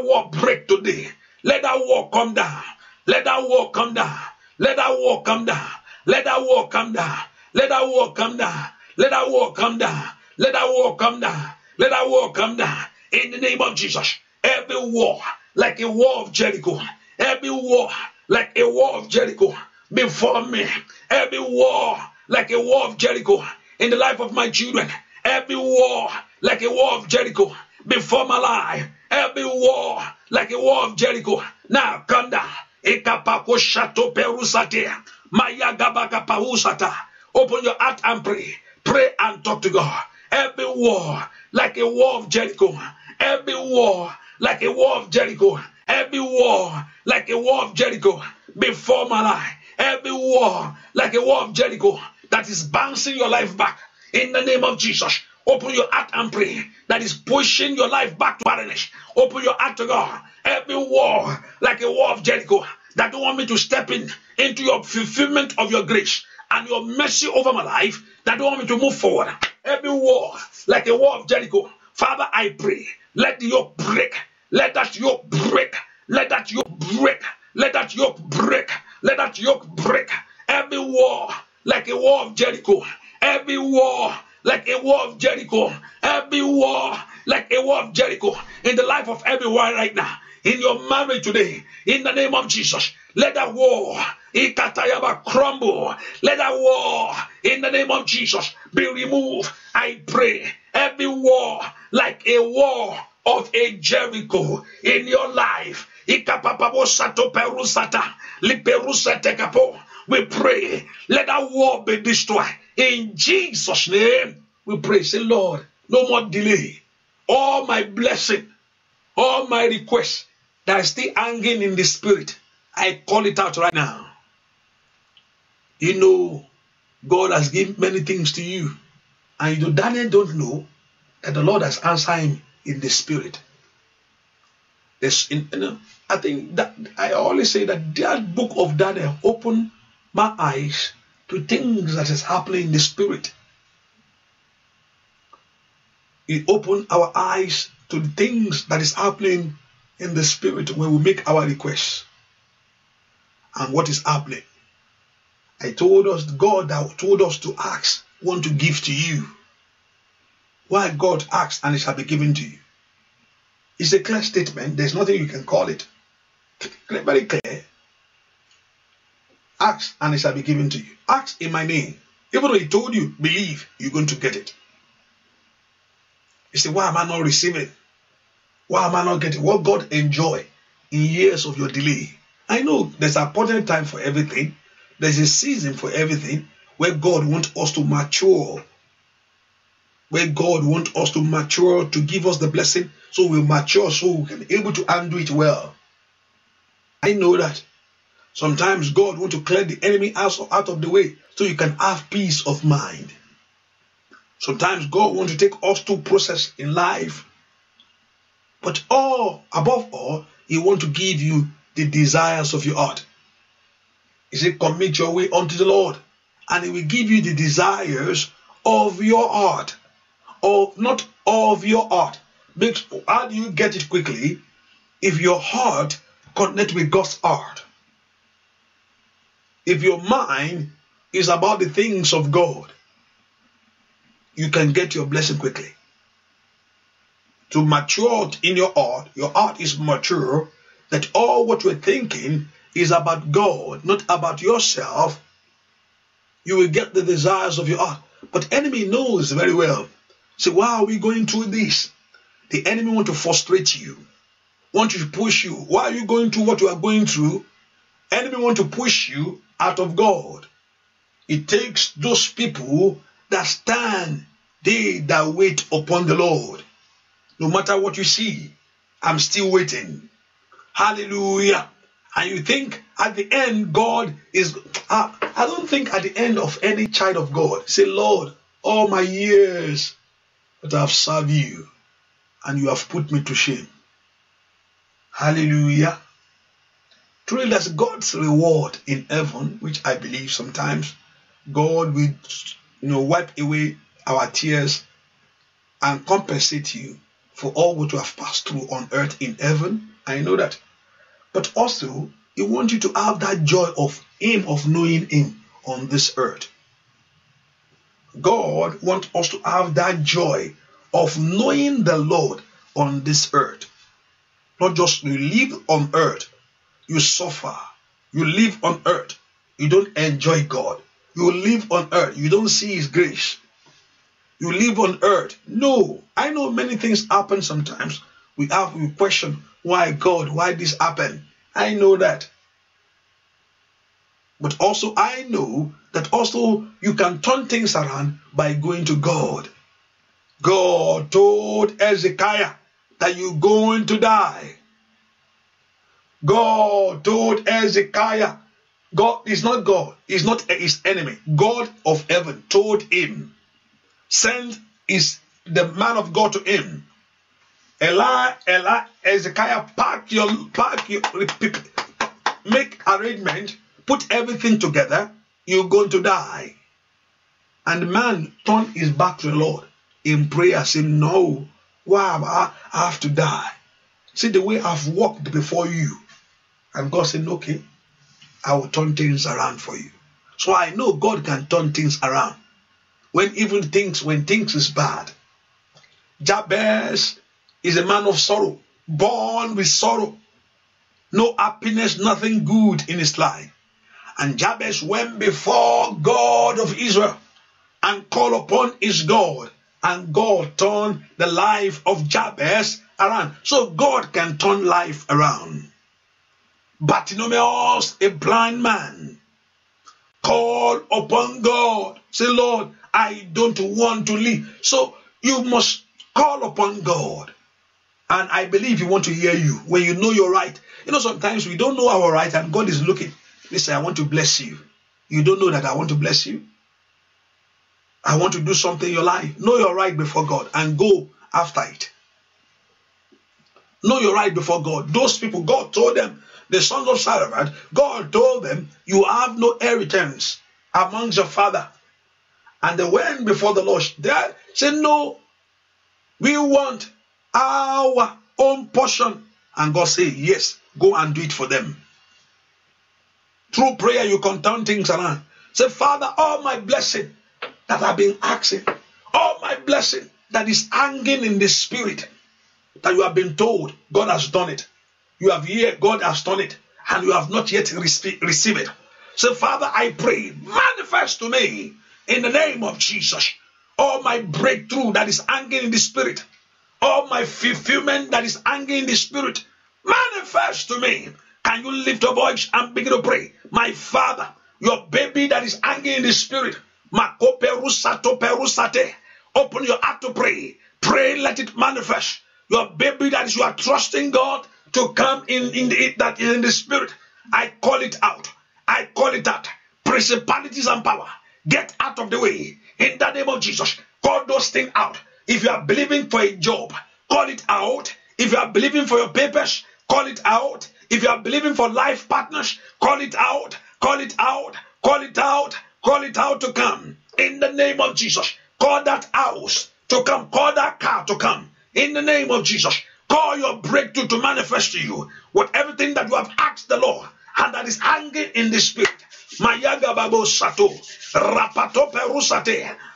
war break today. Let that war come down. Let that war come down. Let that war come down. Let that war come down. Let that war come down. Let that war come down. Let that war come down. Let that wall come down in the name of Jesus. Every wall, like a wall of Jericho, every wall, like a wall of Jericho before me, every wall, like a wall of Jericho in the life of my children, every wall, like a wall of Jericho before my life, every wall, like a wall of Jericho. Now come down. Ekapakoshato perusate. Maya gabaka Open your heart and pray. Pray and talk to God. Every war, like a war of Jericho. Every war, like a war of Jericho. Every war, like a war of Jericho. Before my life. Every war, like a war of Jericho, that is bouncing your life back. In the name of Jesus. Open your heart and pray. That is pushing your life back to barrenness. Open your heart to God. Every war, like a war of Jericho, that don't want me to step in into your fulfillment of your grace and your mercy over my life that don't want me to move forward. Every war, like the war of Jericho. Father, I pray, let the yoke break. Let that yoke break. Let that yoke break. Let that yoke break. Let that yoke break. Every war, like a war of Jericho. Every war, like a war of Jericho. Every war, like a war of Jericho. In the life of everyone right now in your marriage today, in the name of Jesus. Let that wall, Ikatayaba, crumble. Let that wall, in the name of Jesus, be removed. I pray. Every war, like a war of a Jericho in your life. We pray, let that war be destroyed. In Jesus' name, we pray. Say, Lord, no more delay. All my blessing, all my requests that is still hanging in the spirit, I call it out right now. You know, God has given many things to you. And you know, Daniel don't know that the Lord has answered him in the spirit. This, in, I think that I always say that that book of Daniel opened my eyes to things that is happening in the spirit. It opened our eyes to the things that is happening in the spirit when we make our requests and what is happening. I told us God that told us to ask, want to give to you. Why God asks and it shall be given to you. It's a clear statement. There's nothing you can call it. Very clear. Ask and it shall be given to you. Ask in my name. Even though he told you, believe, you're going to get it. You say, why am I not receiving? Why am I not getting what God enjoy in years of your delay? I know there's an appointed time for everything. There's a season for everything where God wants us to mature. Where God wants us to mature to give us the blessing so we mature so we can be able to undo it well. I know that. Sometimes God wants to clear the enemy out of the way so you can have peace of mind. Sometimes God wants to take us through process in life but all, above all, He wants to give you the desires of your heart. He said, Commit your way unto the Lord, and He will give you the desires of your heart. Of not of your heart. because How do you get it quickly? If your heart connect with God's heart. If your mind is about the things of God, you can get your blessing quickly to mature in your heart. Your heart is mature, that all what you're thinking is about God, not about yourself. You will get the desires of your heart. But enemy knows very well. Say, why are we going through this? The enemy want to frustrate you, want to push you. Why are you going through what you are going through? Enemy want to push you out of God. It takes those people that stand, they that wait upon the Lord. No matter what you see, I'm still waiting. Hallelujah. And you think at the end, God is. I, I don't think at the end of any child of God, say, Lord, all my years that I have served you and you have put me to shame. Hallelujah. Truly, that's God's reward in heaven, which I believe sometimes God will you know, wipe away our tears and compensate you for all what you have passed through on earth in heaven. I know that. But also, He wants you to have that joy of Him, of knowing Him on this earth. God wants us to have that joy of knowing the Lord on this earth. Not just you live on earth, you suffer. You live on earth, you don't enjoy God. You live on earth, you don't see His grace you live on earth. No, I know many things happen sometimes. We have we question why God, why this happened. I know that. But also I know that also you can turn things around by going to God. God told Ezekiah that you're going to die. God told Ezekiah, God is not God, is not his enemy. God of heaven told him sent is the man of God to him. Eli, Eli, Ezekiah, pack your, pack your, make arrangement, put everything together, you're going to die. And man turned his back to the Lord in prayer, saying, No, why I have to die? See the way I've walked before you. And God said, Okay, I will turn things around for you. So I know God can turn things around when even things when things is bad. Jabez is a man of sorrow, born with sorrow, no happiness, nothing good in his life. And Jabez went before God of Israel and called upon his God, and God turned the life of Jabez around. So God can turn life around. Bartimaeus, a blind man, called upon God. Say, Lord, I don't want to leave, So you must call upon God. And I believe He want to hear you when you know you're right. You know, sometimes we don't know our right, and God is looking. Listen, I want to bless you. You don't know that I want to bless you. I want to do something in your life. Know your right before God and go after it. Know your right before God. Those people, God told them, the sons of Sarah, God told them, you have no inheritance amongst your father and they went before the Lord. They said, No, we want our own portion. And God said, Yes, go and do it for them. Through prayer, you can turn things around. Say, Father, all my blessing that I've been asking, all my blessing that is hanging in the spirit that you have been told God has done it. You have heard God has done it, and you have not yet received it. So, Father, I pray, manifest to me in the name of Jesus. All my breakthrough that is hanging in the spirit, all my fulfillment that is hanging in the spirit, manifest to me. Can you lift your voice and begin to pray? My Father, your baby that is hanging in the spirit, open your heart to pray. Pray, let it manifest. Your baby that is you are trusting God to come in, in the, that is in the spirit. I call it out. I call it out. Principalities and power Get out of the way in the name of Jesus. Call those things out. If you are believing for a job, call it out. If you are believing for your papers, call it out. If you are believing for life partners, call it out. Call it out. Call it out. Call it out to come in the name of Jesus. Call that house to come. Call that car to come in the name of Jesus. Call your breakthrough to manifest to you with everything that you have asked the Lord and that is hanging in the spirit. Rapato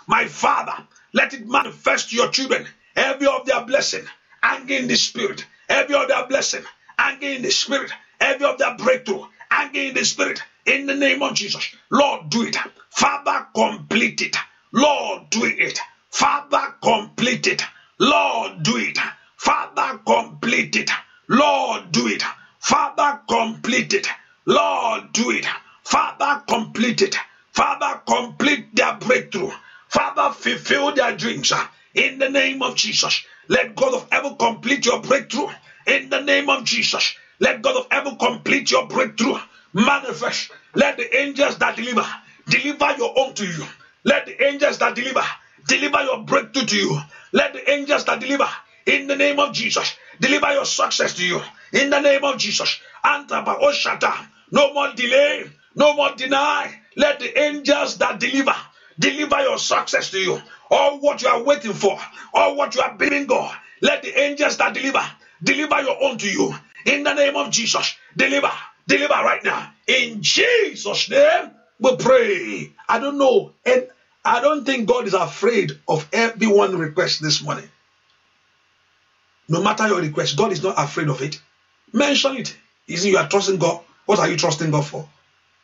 My father, let it manifest to your children. Every of their blessing, anger in the spirit. Every of their blessing, anger in the spirit. Every of their breakthrough, anger in the spirit. In the name of Jesus, Lord, do it. Father, complete it. Lord, do it. Father, complete it. Lord, do it. Father, complete it. Lord, do it. Father, complete it. Lord, do it. Father, complete it. Father, complete their breakthrough. Father, fulfill their dreams. In the name of Jesus, let God of heaven complete your breakthrough. In the name of Jesus, let God of heaven complete your breakthrough. Manifest. Let the angels that deliver, deliver your own to you. Let the angels that deliver, deliver your breakthrough to you. Let the angels that deliver, in the name of Jesus, deliver your success to you. In the name of Jesus. Antaba Oshata. No more delay. No more deny. Let the angels that deliver deliver your success to you. All what you are waiting for, all what you are begging God. Let the angels that deliver deliver your own to you. In the name of Jesus, deliver, deliver right now. In Jesus' name, we pray. I don't know, and I don't think God is afraid of one request this morning. No matter your request, God is not afraid of it. Mention it. Is you are trusting God? What are you trusting God for?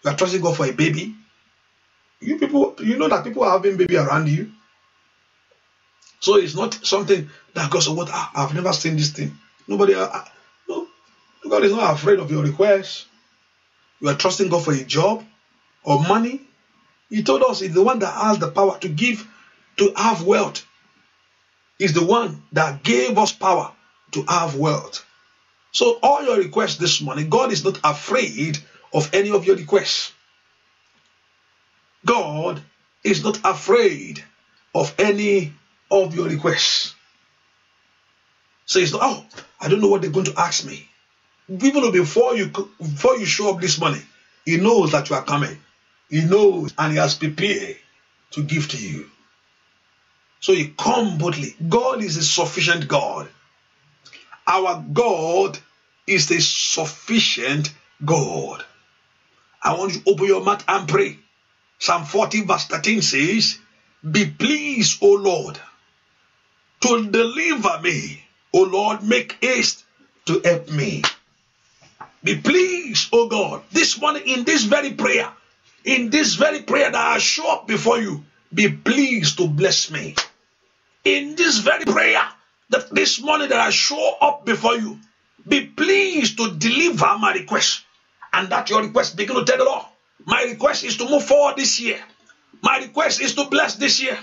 You are trusting God for a baby. You people, you know that people are having baby around you. So it's not something that goes. said, "What ah, I've never seen this thing." Nobody, I, ah, ah, no, God is not afraid of your request. You are trusting God for a job or money. He told us He's the one that has the power to give, to have wealth. He's the one that gave us power to have wealth. So all your requests this morning, God is not afraid of any of your requests. God is not afraid of any of your requests. So it's not, oh, I don't know what they're going to ask me. Even before you before you show up this morning, he knows that you are coming. He knows and he has prepared to give to you. So you come boldly. God is a sufficient God. Our God is a sufficient God. I want you to open your mouth and pray. Psalm 40 verse 13 says, Be pleased, O Lord, to deliver me. O Lord, make haste to help me. Be pleased, O God, this morning in this very prayer, in this very prayer that I show up before you, be pleased to bless me. In this very prayer that this morning that I show up before you, be pleased to deliver my request. and that your request begin to tell the Lord. My request is to move forward this year. My request is to bless this year.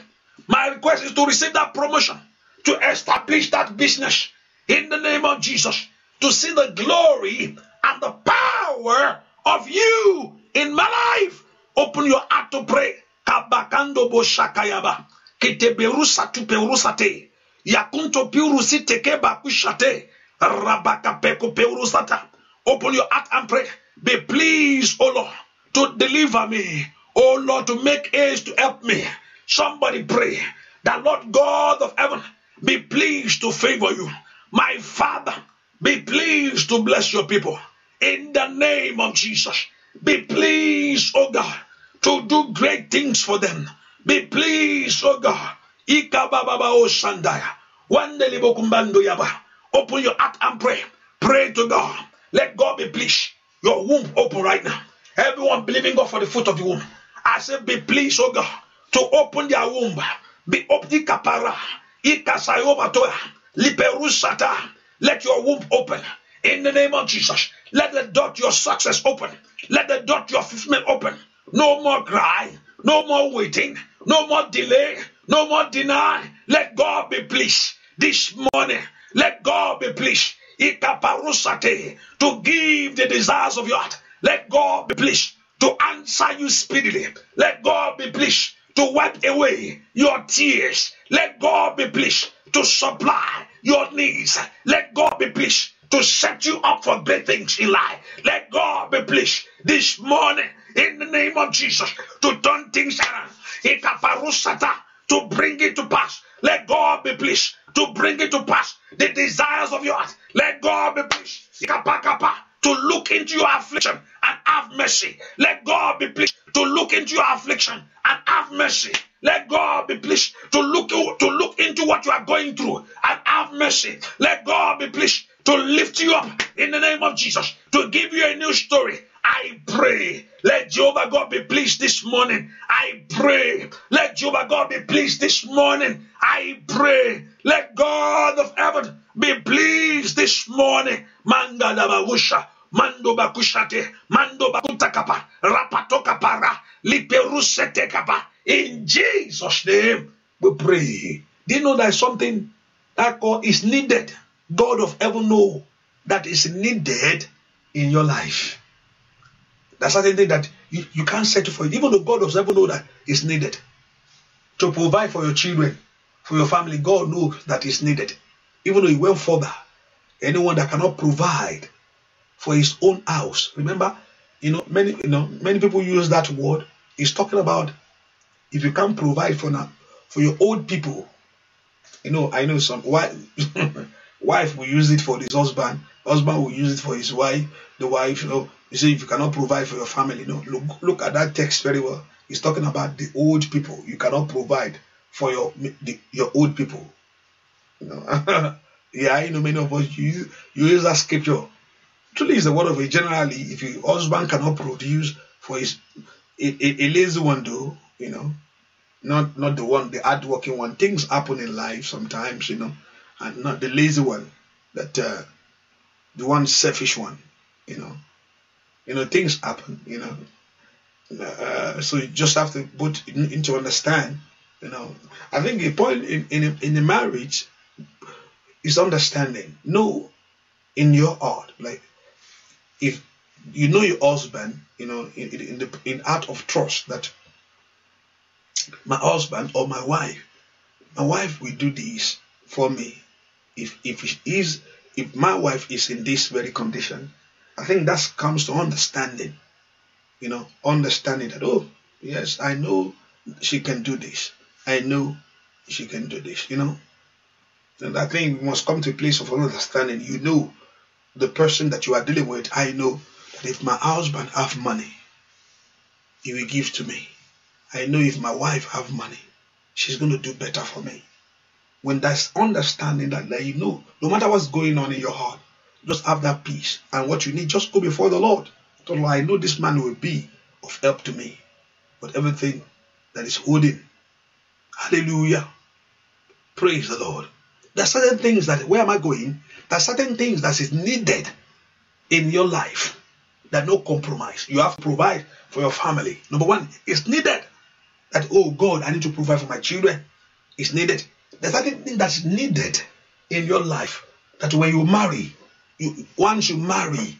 My request is to receive that promotion, to establish that business in the name of Jesus, to see the glory and the power of you in my life. Open your heart to pray. Kabakando boshakayaba. Kiteberusa tuperusate. Yakunto pirusi tekeba Rabaka peko perusata. Open your heart and pray. Be pleased, O Lord, to deliver me. O Lord, to make haste to help me. Somebody pray that Lord God of heaven be pleased to favor you. My Father, be pleased to bless your people. In the name of Jesus, be pleased, O God, to do great things for them. Be pleased, O God. Open your heart and pray. Pray to God. Let God be pleased. Your womb open right now. Everyone believing God for the fruit of the womb. I say, be pleased, oh God, to open their womb. Be the kapara. Liberusata. Let your womb open. In the name of Jesus. Let the door to your success open. Let the door to your fulfillment open. No more cry. No more waiting. No more delay. No more deny. Let God be pleased. This morning, let God be pleased. Ikaparusate, to give the desires of your heart. Let God be pleased to answer you speedily. Let God be pleased to wipe away your tears. Let God be pleased to supply your needs. Let God be pleased to set you up for great things in life. Let God be pleased this morning in the name of Jesus to turn things around. To bring it to pass let God be pleased to bring it to pass the desires of your heart. Let God be pleased to look into your affliction and have mercy. Let God be pleased to look into your affliction and have mercy. Let God be pleased to look to look into what you are going through and have mercy. Let God be pleased to lift you up in the name of Jesus, to give you a new story I pray. Let Jehovah God be pleased this morning. I pray. Let Jehovah God be pleased this morning. I pray. Let God of heaven be pleased this morning. Mangalabawusha. Mando bakushate, mando bakutakapa, rapatoka para, kapa. In Jesus' name, we pray. Do you know that something that God is needed? God of heaven know that is needed in your life. There's certain thing that you, you can't settle for it. Even though God does not know that is needed. To provide for your children, for your family, God knows that is needed. Even though he went further, anyone that cannot provide for his own house. Remember, you know, many you know, many people use that word. He's talking about if you can't provide for now for your old people. You know, I know some wife, wife will use it for his husband, husband will use it for his wife, the wife, you know, you say if you cannot provide for your family, no. Look, look at that text very well. He's talking about the old people. You cannot provide for your the, your old people. You know? yeah, I know many of us use, use that scripture. Truly, it's the word of it. Generally, if your husband cannot produce for his a, a, a lazy one, though, you know, not not the one, the hardworking one. Things happen in life sometimes, you know, and not the lazy one, that uh, the one selfish one, you know you know things happen you know uh, so you just have to put into understand you know i think the point in in, in the marriage is understanding know in your heart like if you know your husband you know in, in the in out of trust that my husband or my wife my wife will do this for me if if is if my wife is in this very condition I think that comes to understanding, you know, understanding that, oh, yes, I know she can do this. I know she can do this, you know. And I think we must come to a place of understanding. You know, the person that you are dealing with, I know that if my husband have money, he will give to me. I know if my wife have money, she's going to do better for me. When that's understanding that, that you know, no matter what's going on in your heart, just have that peace. And what you need, just go before the Lord. do I know this man will be of help to me. But everything that is holding. Hallelujah. Praise the Lord. There are certain things that, where am I going? There are certain things that is needed in your life that no compromise. You have to provide for your family. Number one, it's needed that, oh God, I need to provide for my children. It's needed. There's certain thing that's needed in your life that when you marry, you, once you marry,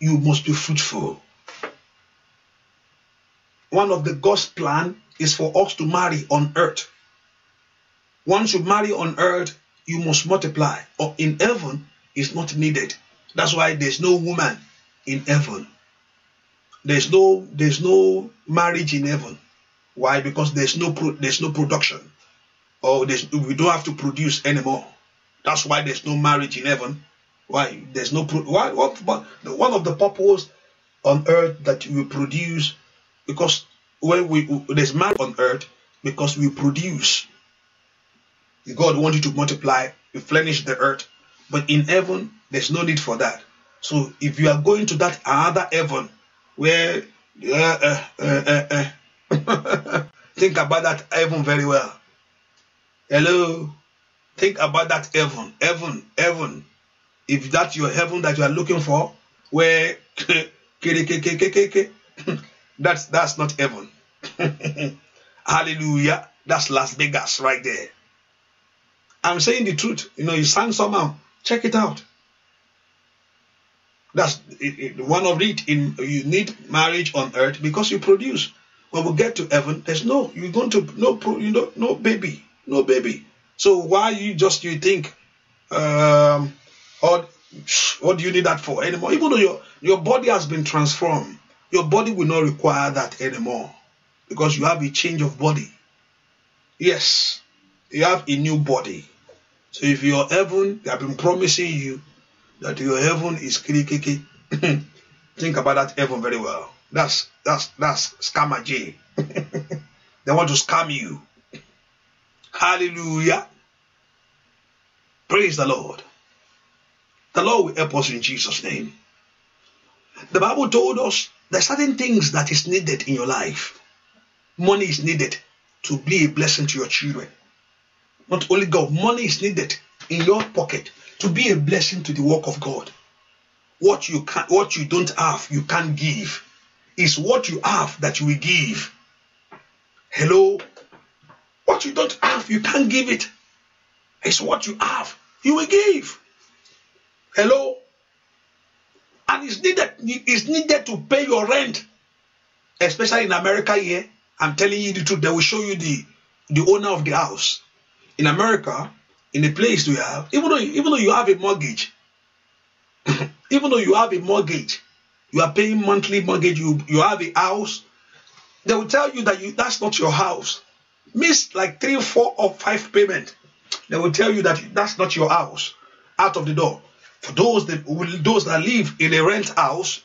you must be fruitful. One of the God's plan is for us to marry on earth. Once you marry on earth, you must multiply. Or in heaven, is not needed. That's why there's no woman in heaven. There's no there's no marriage in heaven. Why? Because there's no pro, there's no production, or there's, we don't have to produce anymore. That's why there's no marriage in heaven why? There's no why? What? But one of the purpose on earth that we produce, because when we there's man on earth, because we produce. God wants you to multiply, replenish the earth, but in heaven there's no need for that. So if you are going to that other heaven, where uh, uh, uh, uh, uh think about that heaven very well. Hello, think about that heaven, heaven, heaven if that's your heaven that you are looking for, where that's that's not heaven. Hallelujah. That's Las Vegas right there. I'm saying the truth. You know, you sang somehow. Check it out. That's it, it, one of it. In you need marriage on earth because you produce. When we get to heaven, there's no you're going to no you know no baby, no baby. So why you just you think um, or what do you need that for anymore? Even though your, your body has been transformed, your body will not require that anymore because you have a change of body. Yes, you have a new body. So if your heaven, they have been promising you that your heaven is kiki, think about that heaven very well. That's that's that's scammer J. they want to scam you. Hallelujah. Praise the Lord. The Lord will help us in Jesus' name. The Bible told us there are certain things that is needed in your life. Money is needed to be a blessing to your children. Not only God, money is needed in your pocket to be a blessing to the work of God. What you can what you don't have, you can't give. It's what you have that you will give. Hello? What you don't have, you can't give it. It's what you have, you will give. Hello? And it's needed, it's needed to pay your rent. Especially in America here. I'm telling you the truth. They will show you the, the owner of the house. In America, in the place you have, even though, even though you have a mortgage, even though you have a mortgage, you are paying monthly mortgage, you, you have a house, they will tell you that you that's not your house. Miss like three, four, or five payment. They will tell you that that's not your house out of the door. For those that those that live in a rent house,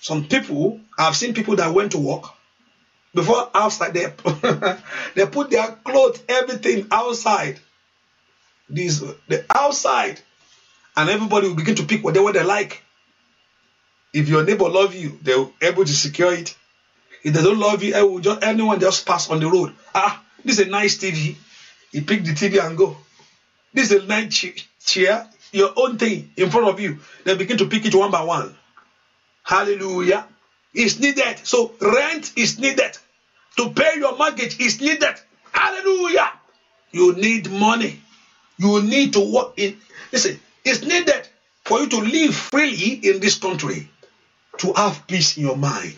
some people I've seen people that went to work before outside they they put their clothes everything outside. These the outside, and everybody will begin to pick whatever they like. If your neighbor love you, they're able to secure it. If they don't love you, I will just anyone just pass on the road. Ah, this is a nice TV. He pick the TV and go. This is a nice chair your own thing in front of you, then begin to pick it one by one. Hallelujah. It's needed. So rent is needed. To pay your mortgage is needed. Hallelujah. You need money. You need to work in. Listen, it's needed for you to live freely in this country, to have peace in your mind.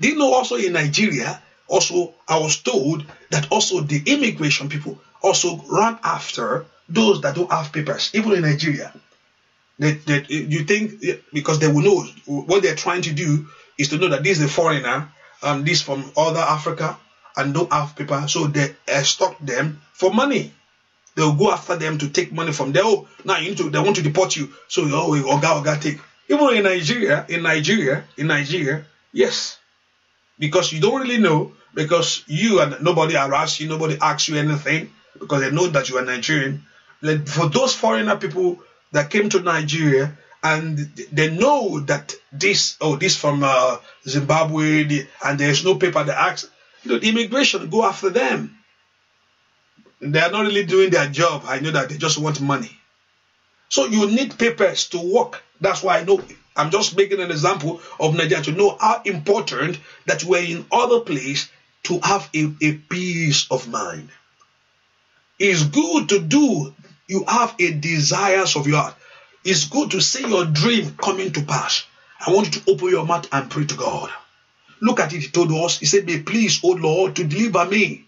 Do you know also in Nigeria, also I was told that also the immigration people also run after those that don't have papers, even in Nigeria. That, that you think because they will know what they're trying to do is to know that this is a foreigner and this from other Africa and don't have paper, so they stop them for money. They'll go after them to take money from them. Oh, now you need to. They want to deport you, so oh, oga oga take. Even in Nigeria, in Nigeria, in Nigeria, yes, because you don't really know because you and nobody harass you, nobody asks you anything because they know that you are Nigerian like for those foreigner people that came to Nigeria and they know that this oh this from uh, Zimbabwe and there's no paper that ask the immigration go after them. They are not really doing their job. I know that they just want money. So you need papers to work. That's why I know I'm just making an example of Nigeria to know how important that we're in other place to have a, a peace of mind. It's good to do you have a desires of your heart. It's good to see your dream coming to pass. I want you to open your mouth and pray to God. Look at it, he told us. He said, Be pleased, O Lord, to deliver me.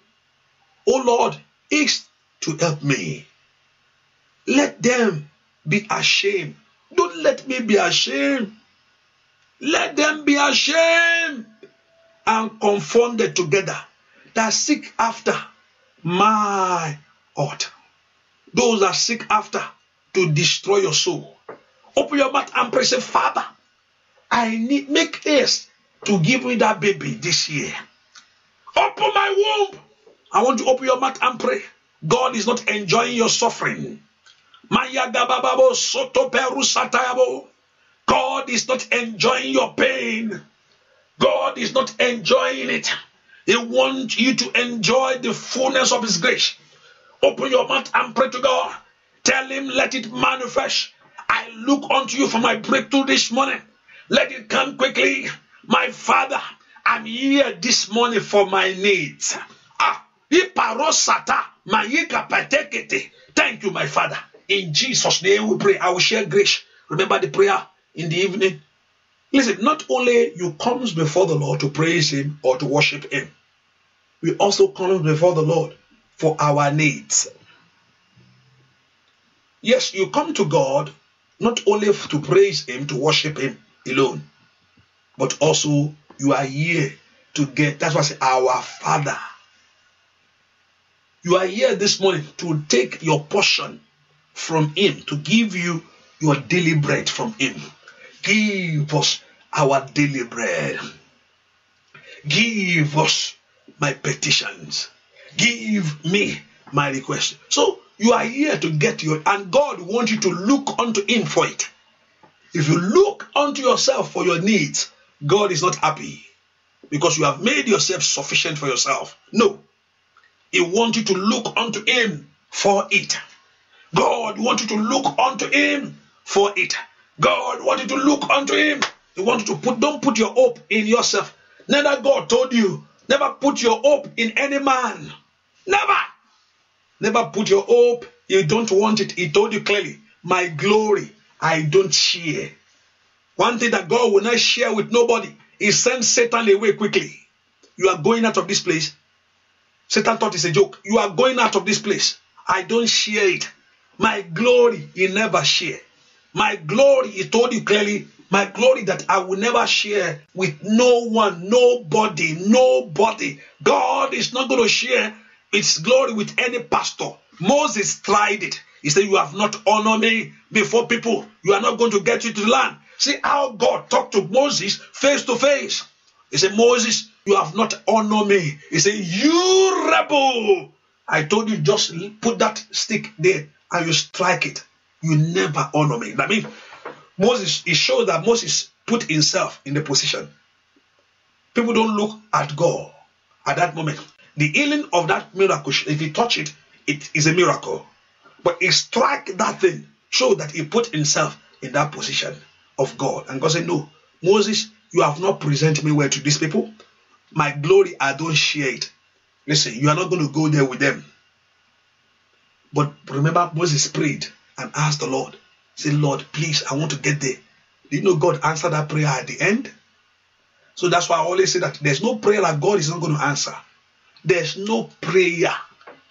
O Lord, is to help me. Let them be ashamed. Don't let me be ashamed. Let them be ashamed and confounded together that seek after my heart those that seek after to destroy your soul. Open your mouth and pray, say, Father, I need make haste to give me that baby this year. Open my womb. I want you to open your mouth and pray. God is not enjoying your suffering. God is not enjoying your pain. God is not enjoying it. He wants you to enjoy the fullness of His grace. Open your mouth and pray to God. Tell Him, let it manifest. I look unto you for my breakthrough this morning. Let it come quickly. My Father, I'm here this morning for my needs. Ah, iparosata Thank you, my Father. In Jesus' name we pray. I will share grace. Remember the prayer in the evening. Listen, not only you comes before the Lord to praise Him or to worship Him, we also come before the Lord for our needs. Yes, you come to God not only to praise Him, to worship Him alone, but also you are here to get, that's why I say, our Father. You are here this morning to take your portion from Him, to give you your daily bread from Him. Give us our daily bread. Give us my petitions. Give me my request. So you are here to get your, and God wants you to look unto Him for it. If you look unto yourself for your needs, God is not happy because you have made yourself sufficient for yourself. No, He wants you to look unto Him for it. God wants you to look unto Him for it. God wants you to look unto Him. He wants you to put, don't put your hope in yourself. Neither God told you, never put your hope in any man. Never. Never put your hope. You don't want it. He told you clearly, my glory, I don't share. One thing that God will not share with nobody is send Satan away quickly. You are going out of this place. Satan thought it's a joke. You are going out of this place. I don't share it. My glory, he never share. My glory, he told you clearly, my glory that I will never share with no one, nobody, nobody. God is not going to share its glory with any pastor. Moses tried it. He said, You have not honored me before people. You are not going to get you to the land. See how God talked to Moses face to face. He said, Moses, you have not honored me. He said, You rebel. I told you, just put that stick there and you strike it. You never honor me. That means Moses, He showed that Moses put himself in the position. People don't look at God at that moment. The healing of that miracle, if he touch it, it is a miracle. But he struck that thing, show that he put himself in that position of God. And God said, No, Moses, you have not presented me well to these people. My glory, I don't share it. Listen, you are not going to go there with them. But remember, Moses prayed and asked the Lord, Say, Lord, please, I want to get there. Did you know God answered that prayer at the end? So that's why I always say that there's no prayer that God is not going to answer. There's no prayer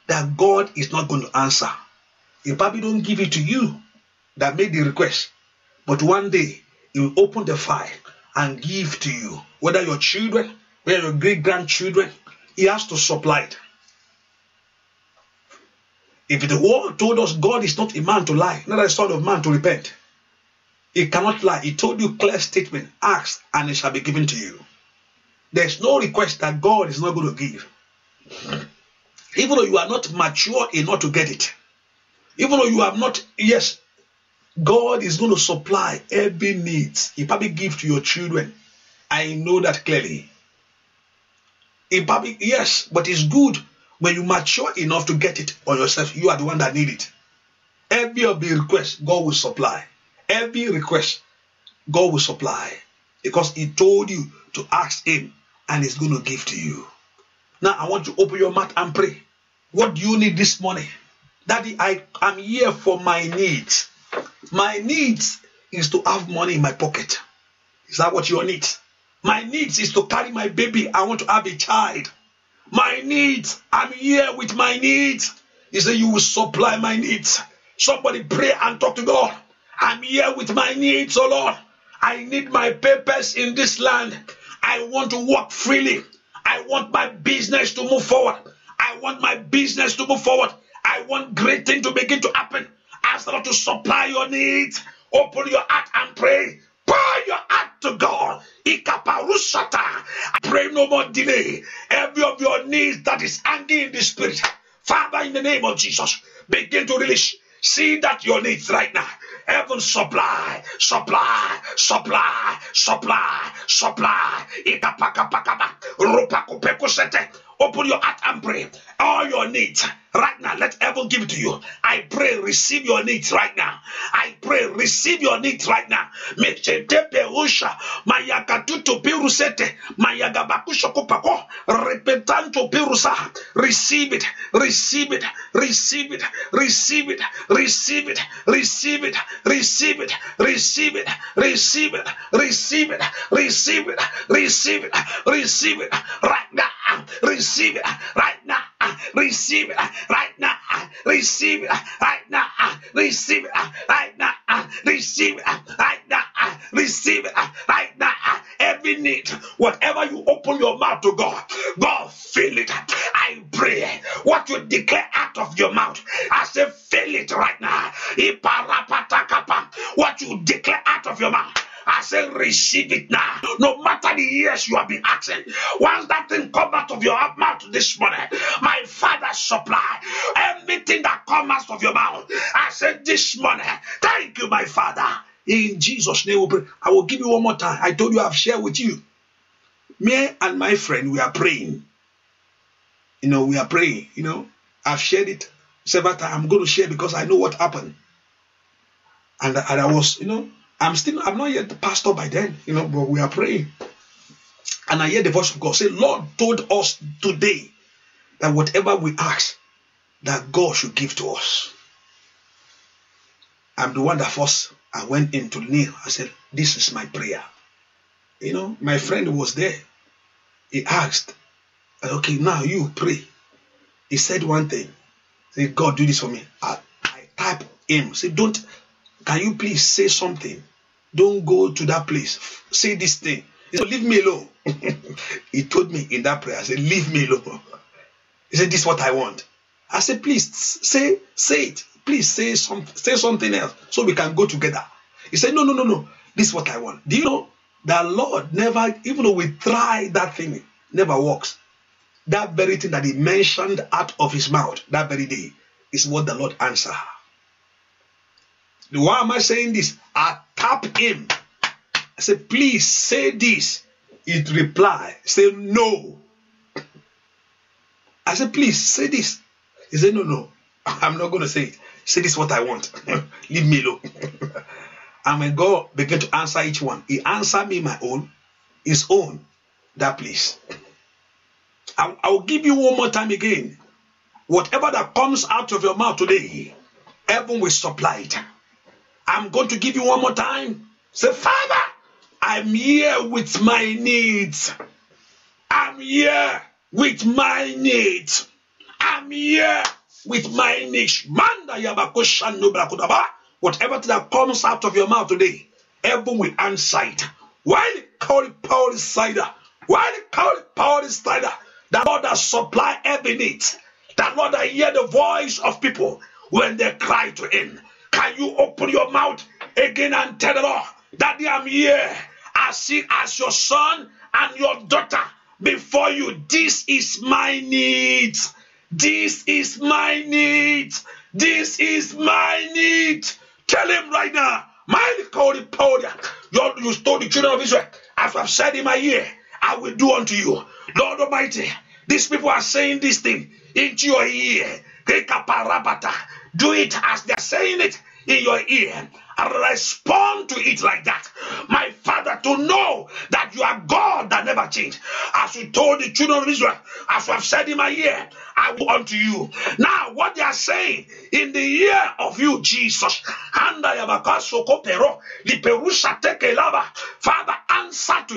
that God is not going to answer. He probably don't give it to you that made the request, but one day He will open the file and give to you, whether your children, whether your great grandchildren, He has to supply it. If the world told us God is not a man to lie, not a son of man to repent, He cannot lie. He told you clear statement: ask and it shall be given to you. There's no request that God is not going to give. Even though you are not mature enough to get it, even though you have not, yes, God is going to supply every need He probably give to your children. I know that clearly. He probably, yes, but it's good when you mature enough to get it on yourself. You are the one that need it. Every of the God will supply. Every request, God will supply. Because He told you to ask Him and He's going to give to you. Now I want you to open your mouth and pray. What do you need this morning? Daddy, I am here for my needs. My needs is to have money in my pocket. Is that what you need? My needs is to carry my baby. I want to have a child. My needs, I'm here with my needs. He said, You will supply my needs. Somebody pray and talk to God. I'm here with my needs, oh Lord. I need my papers in this land. I want to walk freely. I want my business to move forward. I want my business to move forward. I want great things to begin to happen. Ask the Lord to supply your needs. Open your heart and pray. Pour your heart to God. Pray no more delay. Every of your needs that is hanging in the spirit. Father, in the name of Jesus, begin to release. See that your needs right now Heaven supply, supply, supply, supply, supply. Rupa Itapakapakaba. Rupakupekosete. Open your heart and pray. All your needs right now, let heaven give it to you. I pray, receive your needs right now. I pray, receive your needs right now. Mechetepe usha, mayagatutu pirusete, mayagabakusho kupako, repetanto pirusa. Receive it, receive it, receive it, receive it, receive it, receive it, receive it, receive it, receive it, receive it, receive it, receive it, receive it, right now. Receive it right now. Receive it right now. Receive it right now. Receive it right now. Receive it right now. Receive it right now. Every need, whatever you open your mouth to God, God fill it. I pray what you declare out of your mouth. I say, fill it right now. What you declare out of your mouth. I say, receive it now. No matter the years you have been asking, once that thing come out of your mouth this morning, my Father supply everything that comes out of your mouth. I said this morning, thank you, my Father. In Jesus' name, we pray. I will give you one more time. I told you I've shared with you. Me and my friend, we are praying. You know, we are praying. You know, I've shared it several times. I'm going to share because I know what happened. And, and I was, you know, I'm still, I'm not yet the pastor by then, you know, but we are praying. And I hear the voice of God say, Lord told us today that whatever we ask, that God should give to us. I'm the one that first I went in to kneel. I said, This is my prayer. You know, my friend was there. He asked, Okay, now you pray. He said one thing. Say, God, do this for me. I, I type him. Say, don't can you please say something? Don't go to that place. Say this thing. He said, Leave me alone. he told me in that prayer, I said, Leave me alone. He said, This is what I want. I said, Please say, say it. Please say something, say something else so we can go together. He said, No, no, no, no. This is what I want. Do you know that Lord never, even though we try that thing, never works. That very thing that he mentioned out of his mouth that very day is what the Lord answered. Why am I saying this? I tap him. I said, please say this. He replied, say no. I said, please say this. He said, no, no, I'm not going to say it. Say this what I want. Leave me alone. and when God began to answer each one, He answered me my own, His own, that place. I, I will give you one more time again. Whatever that comes out of your mouth today, heaven will supply it. I'm going to give you one more time. Say, Father, I'm here with my needs. I'm here with my needs. I'm here with my needs. Whatever that comes out of your mouth today, heaven will answer it. Why call it power decider? Why the call it power decider? The Lord that supply every need. The Lord I hear the voice of people when they cry to him. Can you open your mouth again and tell the Lord, Daddy, I'm here. I see as your son and your daughter before you. This is my need. This is my need. This is my need. Tell him right now. Michael powder. You, you stole the children of Israel. As I've said in my ear, I will do unto you. Lord Almighty, these people are saying this thing into your ear. Do it as they're saying it in your ear and respond to it like that. My Father, to know that you are God that never changed. As you told the children of Israel, as i have said in my ear, I will unto you. Now, what they are saying in the ear of you, Jesus, Father, answer to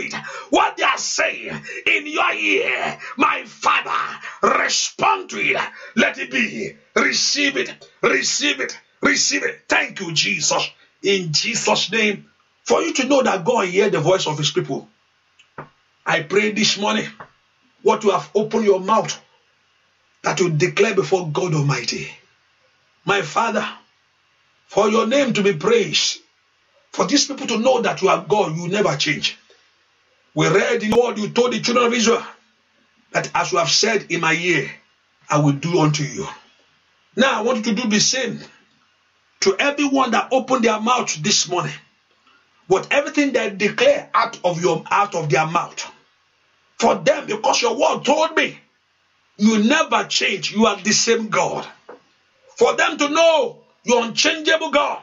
it. What they are saying in your ear, my Father, respond to it. Let it be. Receive it. Receive it Receive it. Thank you, Jesus. In Jesus' name, for you to know that God hears the voice of his people. I pray this morning, what you have opened your mouth, that you declare before God Almighty. My Father, for your name to be praised, for these people to know that you are God, you never change. We read in the word you told the children of Israel that as you have said in my ear, I will do unto you. Now I want you to do the same to everyone that opened their mouth this morning with everything they declare out of your out of their mouth. For them, because your word told me, you never change. You are the same God. For them to know your unchangeable God,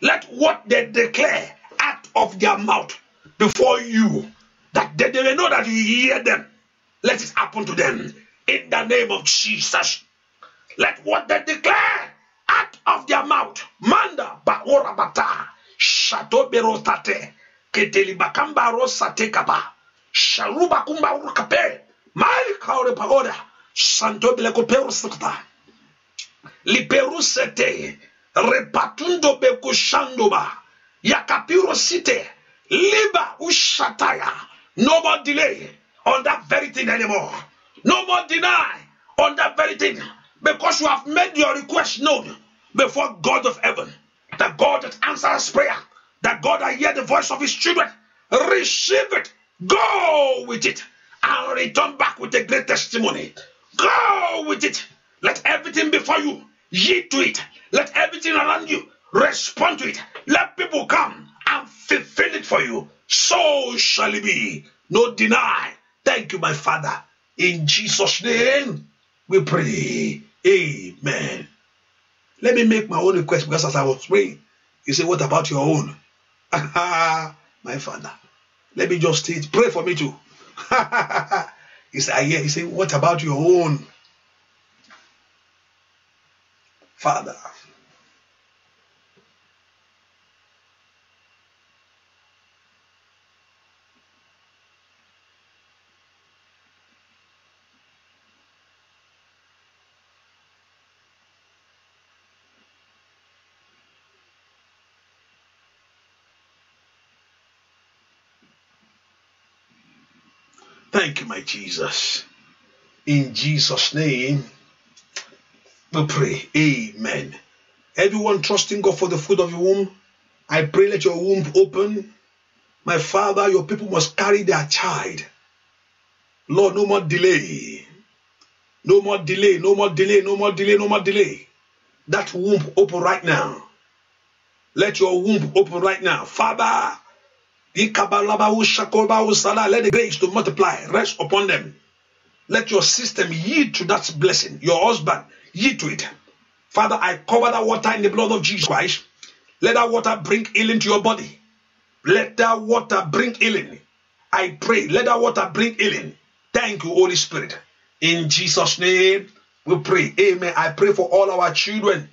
let what they declare out of their mouth before you, that they, they know that you hear them. Let it happen to them in the name of Jesus. Let what they declare out of their mouth. Manda bata. Shato berotate. Ketelibakamba rosate kaba. Sharuba kumba urukape. Mali kaore pagoda. Santo bilekoperu sakta. Liperu sete. Repatundo bekushandoba. Yakapiro site. Liba ushataya. No more delay on that very thing anymore. No more deny on that very thing because you have made your request known before God of heaven, the God that answers prayer, the God that hears the voice of his children. Receive it, go with it, and return back with a great testimony. Go with it. Let everything before you yield to it. Let everything around you respond to it. Let people come and fulfill it for you. So shall it be. No deny. Thank you, my Father. In Jesus' name, we pray. Amen. Let me make my own request because as I was praying, you say, What about your own? my father, let me just Pray for me too. he said, I hear. He said, What about your own? Father, Thank you, my Jesus. In Jesus' name, we pray. Amen. Everyone trusting God for the food of your womb, I pray let your womb open. My Father, your people must carry their child. Lord, no more delay. No more delay, no more delay, no more delay, no more delay. That womb open right now. Let your womb open right now. Father, let the grace to multiply rest upon them. Let your system yield to that blessing. Your husband, yield to it. Father, I cover that water in the blood of Jesus Christ. Let that water bring healing to your body. Let that water bring healing. I pray, let that water bring healing. Thank you, Holy Spirit. In Jesus' name, we pray. Amen. I pray for all our children.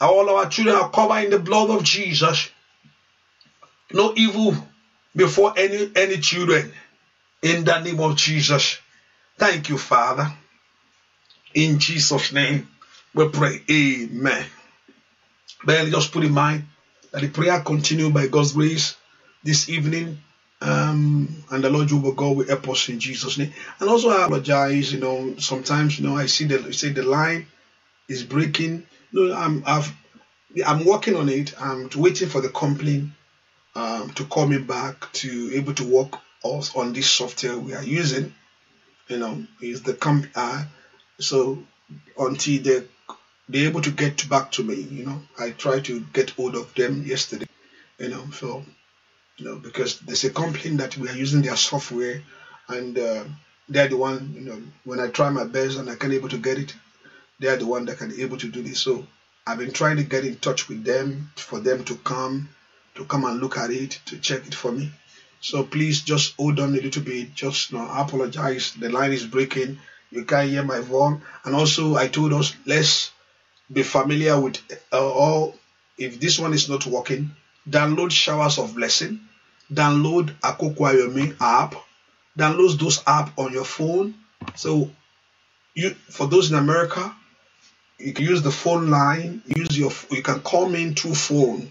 All our children are covered in the blood of Jesus. No evil before any any children in the name of Jesus. Thank you, Father. In Jesus' name, we pray. Amen. Well, just put in mind that the prayer continue by God's grace this evening. Um, and the Lord Jehovah God will help us in Jesus' name. And also, I apologize. You know, sometimes you know I see the say the line is breaking. You no, know, I'm I've, I'm working on it. I'm waiting for the complaint um, to call me back to able to work us on this software we are using. You know, is the comp so until they they're able to get back to me. You know, I try to get hold of them yesterday. You know, so you know because there's a complaint that we are using their software and uh, they're the one you know when I try my best and I can't able to get it, they're the one that can able to do this. So I've been trying to get in touch with them for them to come to come and look at it to check it for me. So please just hold on a little bit. Just you know, apologize. The line is breaking. You can't hear my voice. And also, I told us let's be familiar with uh, all. If this one is not working, download Showers of Blessing. Download Akoko app. Download those app on your phone. So you for those in America, you can use the phone line. Use your you can call me through phone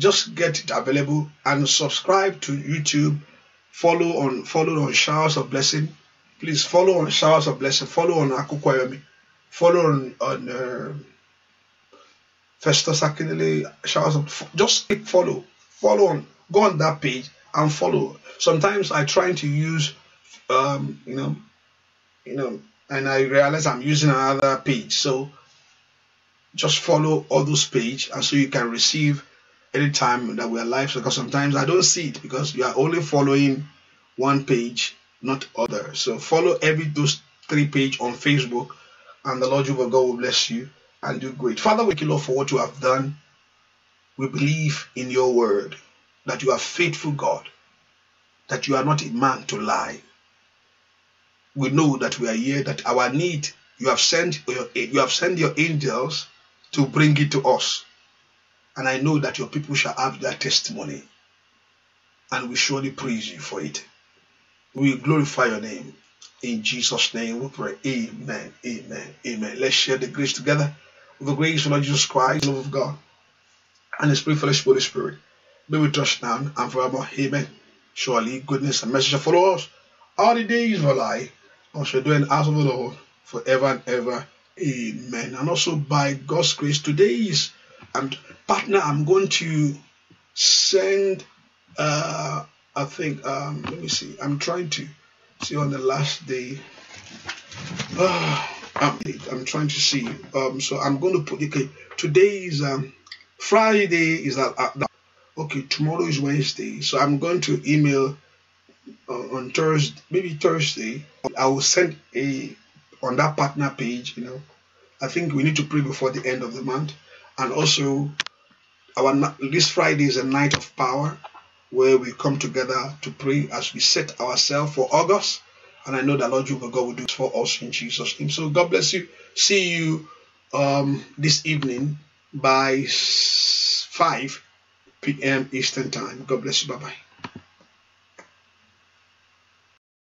just get it available and subscribe to YouTube. Follow on follow on Showers of Blessing. Please follow on Showers of Blessing. Follow on Akukwayomi. Follow on on uh, Festus Akinele. Showers of just click follow. Follow on. Go on that page and follow. Sometimes I try to use, um, you know, you know, and I realize I'm using another page. So just follow all those page, and so you can receive any time that we are live because sometimes I don't see it because you are only following one page, not other. So follow every those three page on Facebook, and the Lord your God will bless you and do great. Father, we thank you for what you have done. We believe in your word that you are faithful God, that you are not a man to lie. We know that we are here, that our need you have sent you have sent your angels to bring it to us. And I know that your people shall have their testimony. And we surely praise you for it. We glorify your name. In Jesus' name we pray. Amen. Amen. Amen. Let's share the grace together. With the grace of Lord Jesus Christ, love of God, and the Spirit the Holy Spirit. May we trust now and forevermore. Amen. Surely goodness and mercy shall follow us all the days of our life. And shall do an house of the Lord forever and ever. Amen. And also by God's grace, today is and partner I'm going to send, uh, I think, um, let me see, I'm trying to see on the last day. Uh, I'm, trying to see. Um, so I'm going to put, okay, today is um, Friday, is that, uh, that, okay, tomorrow is Wednesday. So I'm going to email uh, on Thursday, maybe Thursday. I will send a, on that partner page, you know, I think we need to pray before the end of the month and also our this Friday is a night of power where we come together to pray as we set ourselves for August. And I know that Lord Jehovah God will do this for us in Jesus' name. So God bless you. See you um, this evening by 5 p.m. Eastern Time. God bless you. Bye bye.